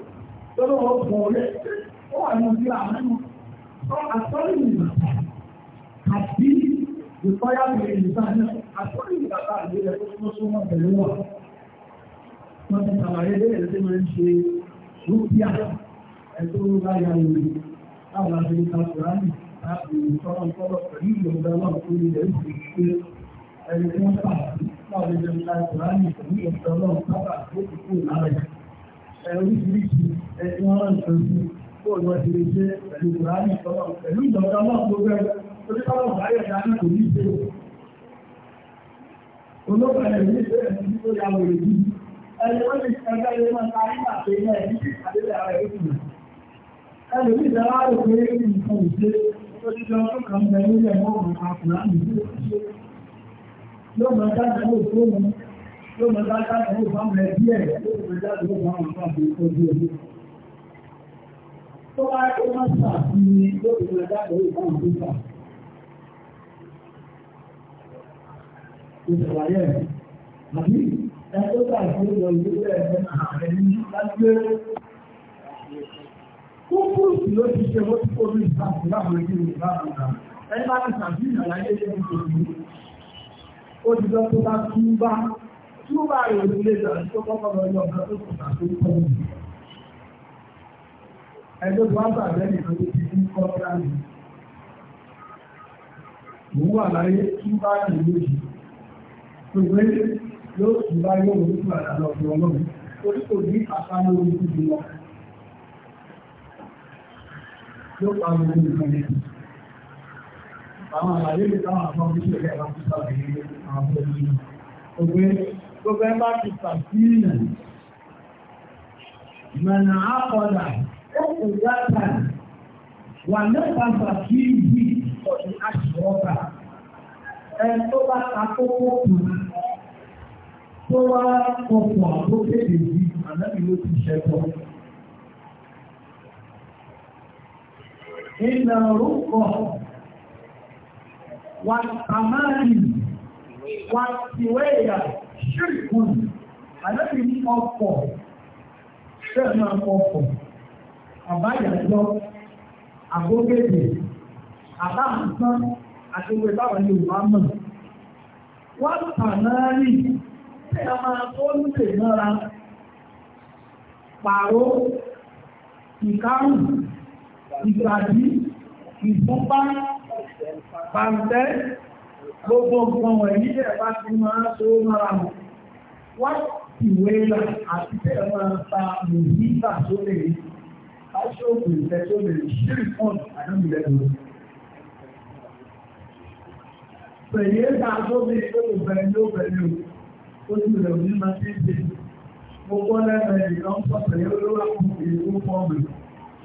tọ́lọ́ wọn kò rẹ̀ ó wà ní ojú àmọ́ sọ àtọ́lù ìgbà àbí ìfọ́yà bèrè ìgbà náà àtọ́lù ìgbà bá àgbé rẹ̀ tó tó tó wọn pẹ̀lú wọn. wọ́n ti sàlàyé bẹ́ẹ̀ tí wọ́n ń ṣe rúpíà ẹ̀tọ́ bá ya òwe láwọn abẹ́ríkà kùránì láti ìtọ́lọ́ tọ́lọ́ pẹ̀lú ìyọ̀ǹda náà tó lè rẹ̀ sì pé oríṣiríṣi ẹ̀sìn wọn ń sọ sí kó ìwọ́n ti lè ṣe pẹ̀lú kùránì tọ́lọ̀ pẹ̀lú ìjọba náà tó gbẹ́gbẹ́ tó ní kọ́lọ̀ báyọ̀ dáná kò ní ṣe olóògbẹ̀rẹ̀ ní ṣe ẹ̀sìn tó ya wèrè bí ẹni wọ́n ti ṣẹgbẹ́ ilé máa ta yóò mọ̀ dáadáa ẹ̀rọ ìfàmù rẹ̀ díẹ̀ tó bí ẹ̀rọ. Tó bá tó má sàfihàn yóò mọ̀ dáadáa tó fà. Ìṣàlàyé bá tí Àwọn àlàyé mi táwọn àbọ̀ ṣe ẹ̀rọ àwọn àwọn ọmọ ìṣẹ̀lẹ̀ gbogbo ẹ bá ti pàtínà mọ̀nà àkọ́dà ó kò yáta wà lẹ́ta pàtíìbì ọ̀dún àṣìwọ́ta ẹ tó bá takókó kù tó wá ọkọ̀ àkókéde yìí ànábì ló ti ṣẹ́kọ̀ọ́. Ìnà orúkọ wà tàmáàlì wà tìwé ìyàwó ṣírìkùn àlẹ́bí ní ọkọ̀ fẹ́ẹ̀ máa ọkọ̀ àbáyàjọ àgbógbèdè àbáǹsán àti ìwé báwọn Yorùbá mọ̀ wọ́n pàmárì tí a máa tó ń tè mọ́ra pàró ìkárùn ìgbàdí ìfúnpá pàǹtẹ́ gbogbo nǹkan wọ̀nyí jẹ́ bá ti máa ń tó mára mọ̀ wọ́n ti wéra àti bẹ́ẹ̀ máa ta mùsíbà tó lè rí aṣọ́ọ̀kù ìfẹ́ tó lè rí ṣírí fún àdánilẹ̀ lọ. Pẹ̀lú ẹ̀ka tó lè tó lè bẹ̀rẹ̀ ló bẹ̀rẹ̀ o, ó ti rẹ̀ òní máa ti dé. Mo gbọ́ lẹ́nu ẹ̀dì kan sọ pẹ̀lú olówó kù èèwọ̀ fọ́ọ̀mù.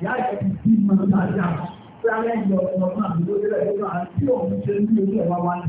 Ìyá ìjọ ti bí mọ́ dáadáa. Pé alẹ́ ìjọ ọ̀pọ̀ náà ló dé lẹ́yìn tí òun ṣe ní ojú ẹ̀ wá wá ní.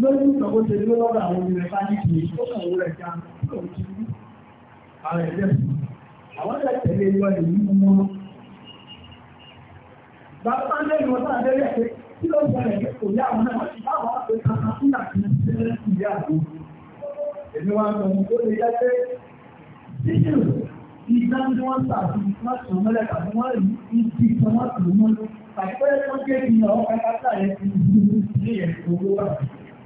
lórí ìtọ́kó ṣe ló lọ́dọ̀ àwọn obìnrin bá ní kìí tó kàn wúrẹ̀ já tó ń kí ara sí. Àwọn ẹ̀jẹ̀ tẹ̀lé lọ èyí mú mọ́. Bàbá lẹ́yìn wọn náà lẹ́yìn pé kí ló sọ ẹ̀jẹ̀ kò yá àwọn náà ti bá wọn pé kankan fún àti sílẹ̀ sí ìyá àgbo. Èmi wá sọ ohun tó lè jẹ́ pé títí ìgbà tí wọ́n tàbí wọ́n sọ mọ́lẹ̀ tàbí wọ́n rí ibi tí wọ́n mọ́lẹ̀ tàbí pé wọ́n gé ìyàn ọ̀kadà yẹn ní ìyẹn owó wà.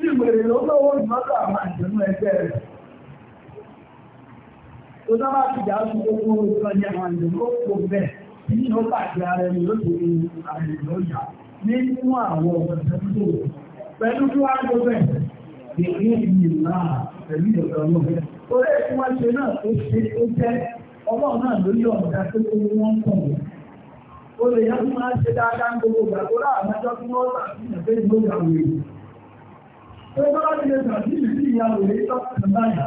tí Tó dá máa ti dá sí gbogbo nǹkan ní àwọn àjẹ̀mú bẹ́ẹ̀ tí ní ó bàjẹ́ ara ẹni ló ti rí lọ́yà ní fún àwọn ọ̀gbọ̀n pẹ̀lú tí wọ́n lọ bẹ̀ èyí náà pẹ̀lú ìjọba lọ bẹ̀. Ẹgbẹ́ láti lè tàbí ìdí ìyàwó lè tọ́kàn báyà.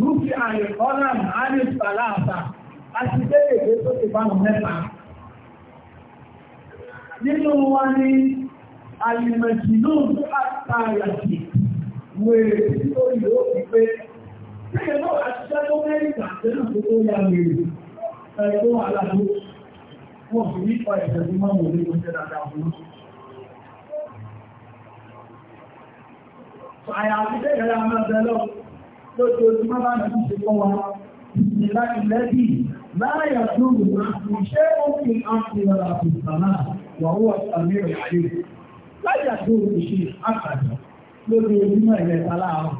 Rúfì àyè ọ̀nà àárí ìpàláàtà àti kéèkéé tó ti bá wọn mẹ́ta. Nínú wa ni àyèmẹ̀jì náà tó àtàyàjì wèrè tí ó yìí ó fi pé. Kéèkéé náà àṣìṣẹ́ tó mẹ́rin ìgbàgbé náà tó tó yà wèrè. Ẹgbẹ́ wọn aláàbò wọn fi ní ọ̀ àyàfi tẹ́gẹ̀rẹ́ amẹ́bẹ̀lọ́ lójoojúmọ́ bá nà ṣe fún wa ìlà ìlẹ́bí láàyà tó rù iṣẹ́ òfin àfihàn àfihàn wàhúwà sàmì rẹ̀ ayé láyà tó rù iṣẹ́ àkàdà lójoojúmọ́ ilẹ̀ aláàrùn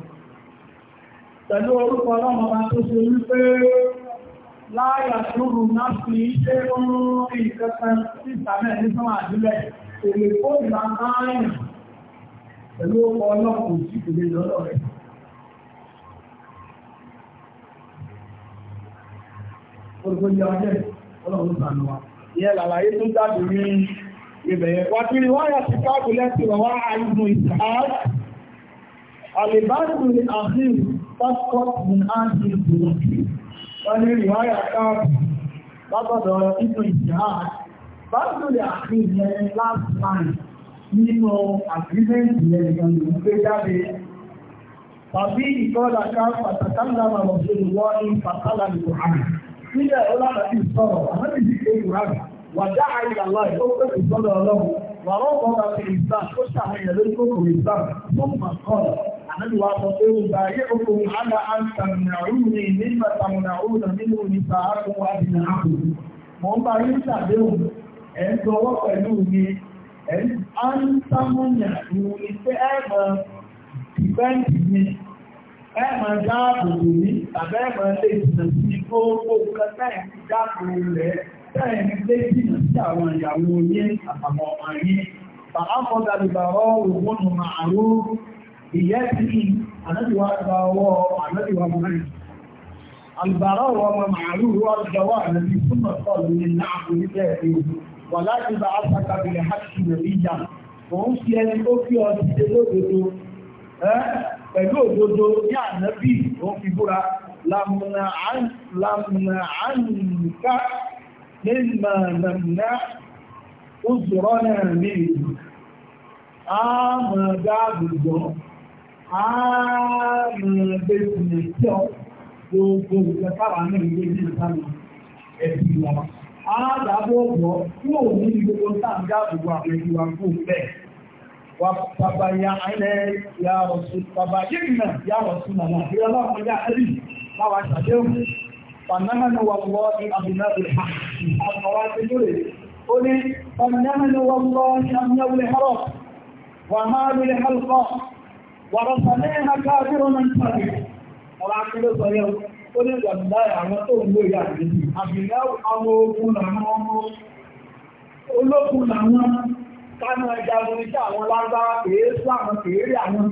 pẹ̀lú orúkọ ọlọ́mọ bá tó ṣe wípé láyà tó rù náà fi iṣẹ́ òun ìkẹta sí sàmì ẹ̀ pẹ̀lú ọkọ̀ ọlọ́pùn sí ìpìlẹ̀ lọ́dọ̀ rẹ̀. Olùkọ́ jẹ́ ọjẹ́ ọlọ́run sànú wa. Ìyẹn làlàyé tó jáde ní ibẹ̀yẹ. Wà tí ni wọ́n yà sí káàkù lẹ́sìn rọ̀ wá àìsùn ìsáàt. Àlèbáàdùn ni àfihàn pásítọ̀tù ní àǹtí ìgbòho. Wọ́n ní ìwáyà káàkù látọ̀dọ̀ ìgbò ìsáàt. Báàdùn ni àfihàn last time nínú àgbímẹ́ntì ẹ̀gbọ̀n ló ń gbé jáde tàbí ìkọ́lá ká pàtàkàlà máa lọ sí ìwọ́ ní pàtàkàlà ní kòhánì nílẹ̀ ọlọ́dàbí sọ̀rọ̀ àmọ́bí ti ké kòhánì wà dá àyíká láì ó pè sí sọ́dọ̀ ọlọ́run wà rọ́ bọ́ bá fi ìgbà tó ṣàhàyàn lórí kókò ìgbà fún màkọ́lá ànábì wa sọ pé òun bá yé oko àlà àǹtàmìnàrú ni nígbà tàmìnàrú ẹ̀ ń sámúnyà ìwọ̀n ni pé ẹ mọ̀ dìbẹ́ǹtì mi ẹ mọ̀ dáàbò bò mí tàbí ẹ mọ̀ lè jìnà sí gbogbo nǹkan táyà ti dáàbò rẹ̀ táyà ti lè jìnà sí àwọn ìyàwó yín àtàwọn ọmọ yín. Bàbá kọ́ta lè bàbá òun nù màrú ìyẹ́ sí ànájúwà gba ọwọ́ ànájúwà mọ́rin. Àlùbàrá ọ̀rọ̀ ọmọ màrú rú àjọwọ́ ànájú fún ọ̀pọ̀ lórí náà wà láti bá àtàkàbìlẹ̀ hàkì nàìjíríà òun fi ẹni tó fi ọ sí ṣe lódodo pẹ̀lú òdodo ní ànábì òun fi búra lámùnà àǹkà nígbà nàmùnà ó zọ̀rọ̀ náà ní ìlú àmọ̀dá àbùgbọ́ àmọ̀dé ìsìnlẹ̀ tí ọ gbogbo ìjọba àwọn ilé ìjọba ẹ̀sìn wọn àádábò ọ̀gbọ́ tí ò ní ní gbogbo sáàdá àbúgbò àbẹ̀jú wa kú bẹ́ẹ̀. Wà bàbá ya ilẹ̀ ya ọ̀sùn bàbá yéèmà ya ọ̀sùn nàmà ìrẹ́ ọlọ́run ya ẹ̀rí láwa ṣàdéhùn. Fànáhánà wà lọ ní Abdullahi Hàmì àtọwà ti lórí. Ó ní Fànáhánà wà lọ ní Amúnáwulẹ̀ Harọ̀ wà máa lulẹ̀ Halkọ̀ wà rọ̀sàlẹ̀ ó ní ìjọba àwọn tó ń lórí àgbègbè àbìlá àwọn ogun na ọmọ ológun làwọn kánú ẹja oríṣẹ́ àwọn lágbá èéṣù àwọn kèérè àwọn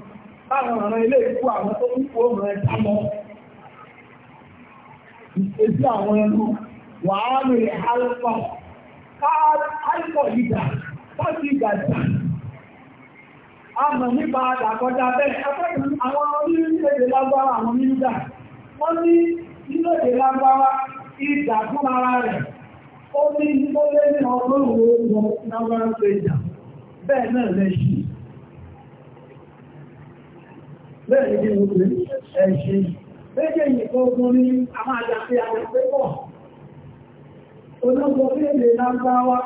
báwọn ilé ìkú àwọn tó kúkú òmùrẹ̀ ẹja lọ èsì a nípa àdàkọjá àwọn lágbára àwọn wọ́n ní nínú èdè lágbára ìjà fún ara rẹ̀ ó ní ó lé ní ọgọ́rùn-ún wọn lágbára tó ìjà bẹ́ẹ̀ náà lẹ́ṣin bẹ́ẹ̀ ni mo pè ẹ̀ṣin méjèèjì kan ogun ní àwọn àjàpé àwọn pẹ́pọ̀ ológun sí èdè lágbára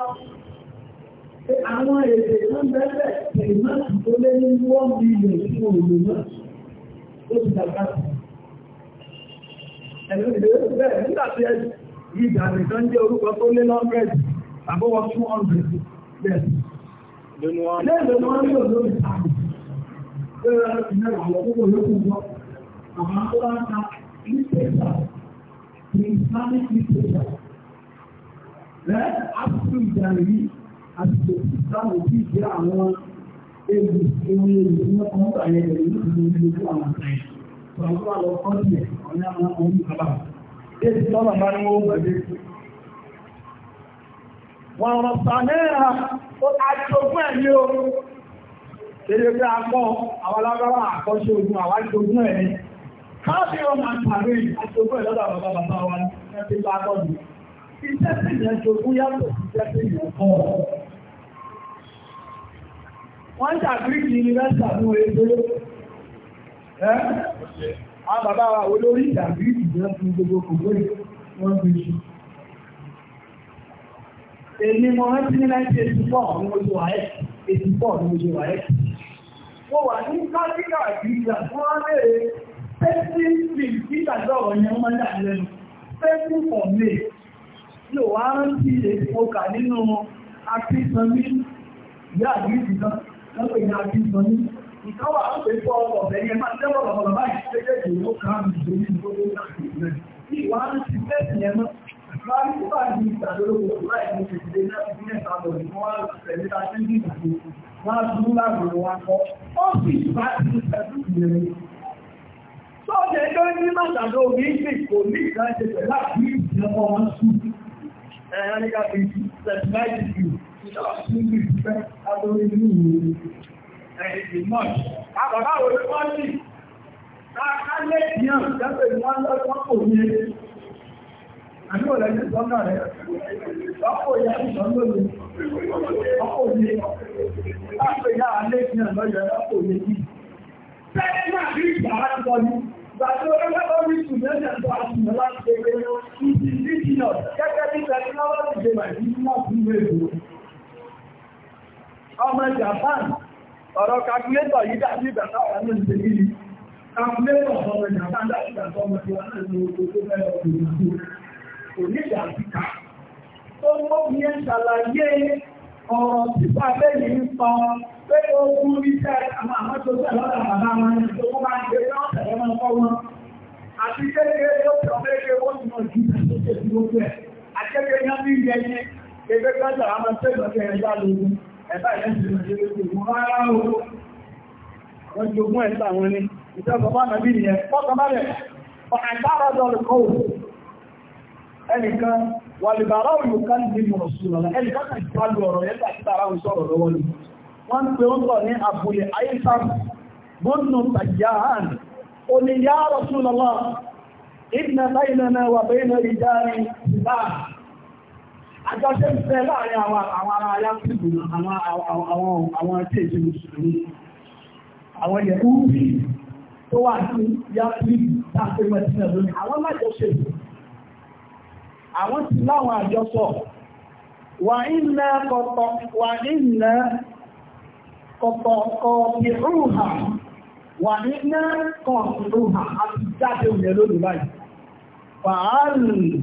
pé àwọn èdè tó ń bẹ́ẹ̀ pẹ̀lú náà tó lé ní wọ́n bí ilẹ̀ sí òòlù náà ó ti dàgbà Lẹ́ àpùpù ìdàrí àti ìsáwò bí ìjẹ́ àwọn ewu ewu ewu ní ọkọ̀ ọ̀gbà ẹ̀rẹ̀ ìlú ìlú ìlú àwọn àkàyẹ̀. Wọ́n rọ̀ sàmẹ́ra ó àjogún ẹ̀mí o. Ṣeré pé a pọ̀ àwọn alágbára àkọ́ṣe ogun àwọn àjogún ẹ̀mí. Káàbí ọmọ àtàrí àjogún ẹ̀lọ́dà bàbá bàbá wa ní ẹgbẹ́ bá Àwọn bàbá wa olórí ìdàbí ìjọ fún gbogbo kògbó wọ́n gbé ṣù. Èmi mo rántí ní 1984 ní oṣù Wàhẹ́, 84 ní oṣù Wàhẹ́. Mo wà ní Kájíkà Gíga, wọ́n á lè pẹ́sí sí ìgbàjọ́ ọ̀rọ̀ yẹn wọ́n dà lẹ́nu. Pẹ́sí pọ̀ mé, yóò wá rántí èpo kà nínú akíkanmí, ìyá àbí ìdìkan, lọ́pẹ̀ ní akíkanmí ìkáwà àpè pọ̀ ọ̀bẹ̀ yẹn máa tẹ́wọ̀ lọ́wọ́ báyìí tẹ́jẹ́ ìlú kan ìdórí ìdórí ìdórí tí ìwà ń ti tẹ́sì yẹn mọ́ láti tó bá di ìtàdólógún láì ní ìṣèṣìdé náà ti ní ẹ̀ka bọ̀ ní wọ́n á tẹ̀lé ta sí ní ìdàgbò wọ́n á dúró lágbèrè wọn kọ́ ó sì bá ti tẹ̀sí yẹn ni. sọ́ọ̀jẹ̀ tó ní màtàdó mi ń pè kò ní ìdájẹ pẹ̀lú àbí ìjọba wọn sùn ẹ̀rọ nígbà tí tẹ̀sí láì ti ẹ̀ẹ́dì mọ́ọ̀ṣì. Àbàbá wo ni wọ́n sì? Káàkálẹ̀ ìyàn jẹ́pẹ̀ ni wọ́n lọ́wọ́ kò ní ẹni. Àbí wọ́n lẹ́yìn sọ́nà rẹ̀. Lọ́pọ̀ ìyá ìṣàn lónìí. Lọ́pọ̀ ní. Láàpẹ̀ ìyá alẹ́ ìyàn lọ́yọ̀ lọ́pọ̀ ní bí. Sẹ́yìn náà rí ìgbà láti sọ ní. Gbàtí olóògbé rí ìtùmẹ́jẹ̀ tó àtùmọ̀ láti ṣe pé ó ti di ríjìnà gẹ́gẹ́ bí tẹkinọ́lọ́jì ṣe wà ní mọ́ọ̀tún mẹ́rin. Ọmọ Japan ọ̀rọ̀ kàkúlétọ̀ yìí dájú ìgbàtà wà ní ìsìnkiri kàkúlétọ̀ ọmọ ìjàmbá dájú ìgbàtà ọmọ ìwà náà ní oṣù tó fẹ́ ọdún ìgbàtà oníjà síkà tó mọ́ bí ẹ́ ṣàlàyé ọ̀rọ̀ sípà bẹ́ẹ̀ ń sọ pé ó kú ní tẹ́ àwọn àwọn tó tẹ̀ lọ́dà bàbá wọn ní tó wọ́n máa ń gbé yọ́ tẹ̀lé wọn kọ́ wọn àti kékeré ó tẹ̀ ọ́bẹ̀rẹ̀ ó sì mọ̀ ju ìtàkùn tó tẹ̀ àti kékeré yọ́ bí ìyẹn ní ẹgbẹ́ gbọ́dọ̀ àwọn tẹ̀lé ọ̀tẹ̀ ẹ̀dá lógún ẹ̀bá ìyẹ́sìn wọ́n jogún ẹ̀ta wọn ni ìjọba bá nàbí ìyẹn fọ́kànbálẹ̀ ọ̀hàndárọ̀dọ̀lùkọ́ ẹnìkan wàlìbàrá olùkan ní mọ̀rọ̀sùlọ́lá ẹnìkan kan ìpàlù ọ̀rọ̀ yẹ́ta títàrà ń sọ̀rọ̀ lọ́wọ́ ni wọ́n ń pè ń tọ̀ ní àbúlẹ̀ àyíṣàm bọ́nù tàyàn ó ní àjọṣe ń fẹ́ láàrin àwọn ará aláàpùpù àwọn àti èsì mùsùlùmí àwọn yẹ̀kú bí tó wà ní yàpùpù tàbí mẹ́tìnà lónìí àwọn lájọṣe àwọn ti láwọn àjọṣọ wà ilẹ̀ kọ̀kọ̀kọ̀ ìrúhà wà ilẹ̀ kọ̀kọ̀rúhà àti jáde òyẹ̀ lónìí báyìí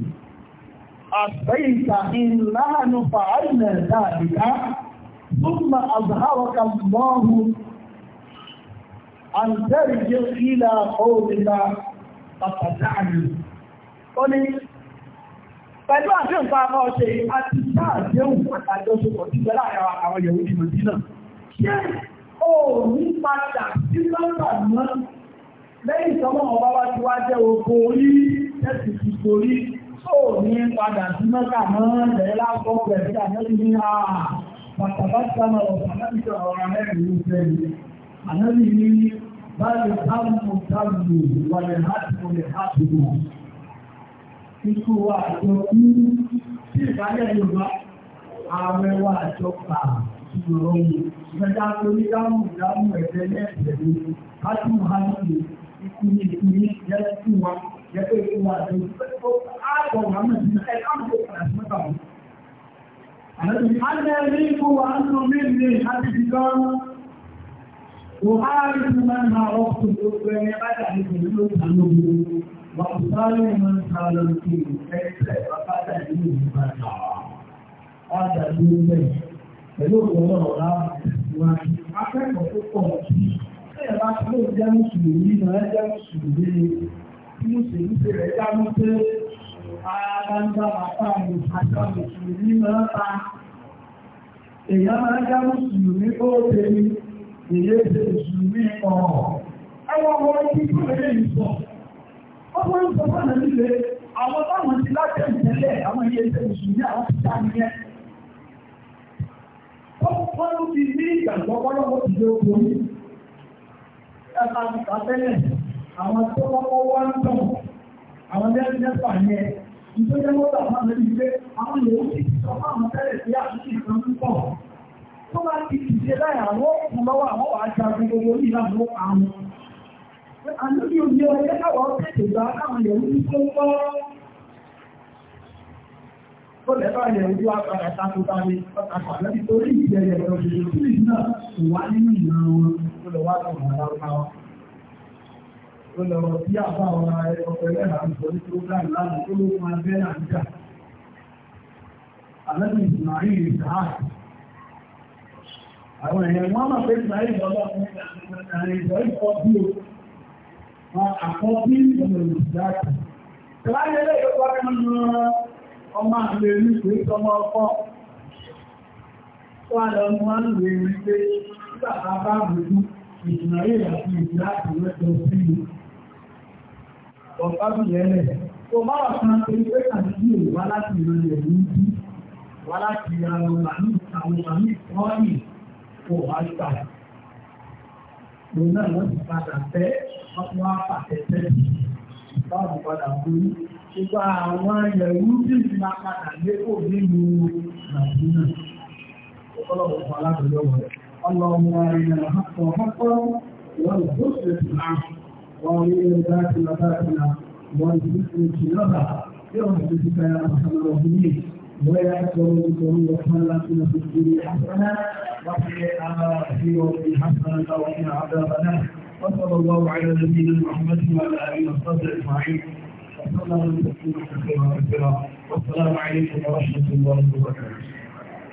أعطيت إننا فعلنا ذلك ثم أظهرك الله أن ترجع إلى قولك فتدعني Oni, pẹ̀lú àti ǹkan àmọ́ ṣe àti sáàdéhùn àtàjọṣepọ̀ tí bẹ́lá àwọn yẹ̀wò ìmọ̀dí náà. Ṣé o ní padà sí lọ́pàá náà lẹ́yìn tọ́mọ̀ ọba wá ti wá jẹ́ ogun orí, ẹ̀sì ti gorí ó ní padà sí mẹ́ta náà lẹ́yìn láàpọ̀ rẹ̀ sí àjẹ́sí ní a bàtàbà sámà ọ̀sán láti ṣe ọ̀rọ̀ mẹ́rin ló fẹ́rẹ̀. Ànábì ní báyìí táàmù táàmù wàlẹ̀ láti wọlé láti wọ̀. Ikú wa àjọ kú sí ìbálẹ̀ Yorùbá, ààrẹ wa àjọ kà ìgbòrò mi. Ìgbẹ́jà tó ní dáhùn ìdáhùn ẹ̀jẹ̀ ní ẹ̀jẹ̀ mi, ká tún wá nílé ikú ní ikú ní ẹ̀jẹ̀ tún wá. ya ce ina da ko a ko Muhammad bin sai an ko kana mata Annabi Allah ne ko wa annu minni hadisi kan أحارب من عرفت الأذن بدأ بالموت عنه وأصالح من سالم فيه كيف وقد منه من قد منه pẹ̀lú ọ̀rọ̀ ọ̀la ìwà akẹ́kọ̀ọ́ tó pọ̀ sí ẹ̀rọ akẹ́kọ̀ọ́ jẹ́ mùsùlùmí náà jẹ́ mùsùlùmí tí mo ṣe ní ṣẹlẹ̀ já mú pé ara ń bá bàbá mi àjọ mùsùlùmí máa ta. Èèyàn máa já mùsùlùmí ó ṣe ní èyí ṣe mùsùlùmí ọ̀rọ̀. Ẹwọ́ ọmọ orí tí ó lè sọ. Ọmọ ń sọ fún àmì lè àwọn táwọn ti láti ìtẹ́lẹ̀ àwọn iye ṣe mùsùlùmí àwọn ti dá nìyẹn. Wọ́n ló fi ní ìgbàgbọ́ pọ́lọ́wọ́ ti dé ogun. Ẹ̀ka ti kà tẹ́lẹ̀ àwọn tó kọ́kọ́ wá ń tàn àwọn lẹ́yìn mẹ́fà yẹn nítorí jẹ́ mọ́tò àwọn àmì pé àwọn yòó ti sọ fún àwọn tẹ́lẹ̀ sí àtúnṣe ìkan ń pọ̀ tó bá ti ti ṣe láì àwọn òkun lọ́wọ́ àwọn wàá ja gbogbo orí ìlànà àwọn àlórí omi ọjọ́ káwọn tètè gbà káwọn yòó ti tó ń pọ̀ tó lẹ́bà yẹ̀ ojú àpàdà tàbí àpàdà nítorí ìjẹyẹ̀ lọ́jọ́ ìjọ́ náà wà nínú ìlànà wọn tó lọ wá tó lọ sí àbá àwọn ọkọ̀ ẹlẹ́rà ń sọ ní program láti tó ló máa bẹ́ náà níjà. Àlẹ́bí Ismail Ìsáà. Àwọn èèyàn wọ́n máa pé fún nígbà àti tó ọ̀pá bì yẹn lẹ̀. Kò bá wà kan pé pé àdúgbò wà láti ìran rẹ̀ ní ibi, wà láti ìran àwọn màmí àwọn màmí kọ́ọ̀lì kò wá gbà. Òun náà wọ́n ti padà fẹ́ ọkùnrin wa pàtẹ tẹ́lẹ̀. Báwo padà borí? Gbogbo àwọn ẹ̀rú tí ti máa padà lé kò nínú Nàìjíríà. Ọlọ́run fún aláàbẹ̀lẹ̀ wọ̀ Ọlọ́run arìnrìn àhàkọ́ àhàkọ́ wọ́n lè bó ṣe tún àhùn. وولي ذات مفاتنا والفتن كلها برحمتك يا ارحم الراحمين ولا تكرم بكم وحنا في الدنيا حسنه وفي الاخره حسنه وقنا عذاب النار وصلى الله على نبينا محمد وعلى اله وصحبه اجمعين وصلى الله وسلم كثيرا والسلام عليكم ورحمه الله وبركاته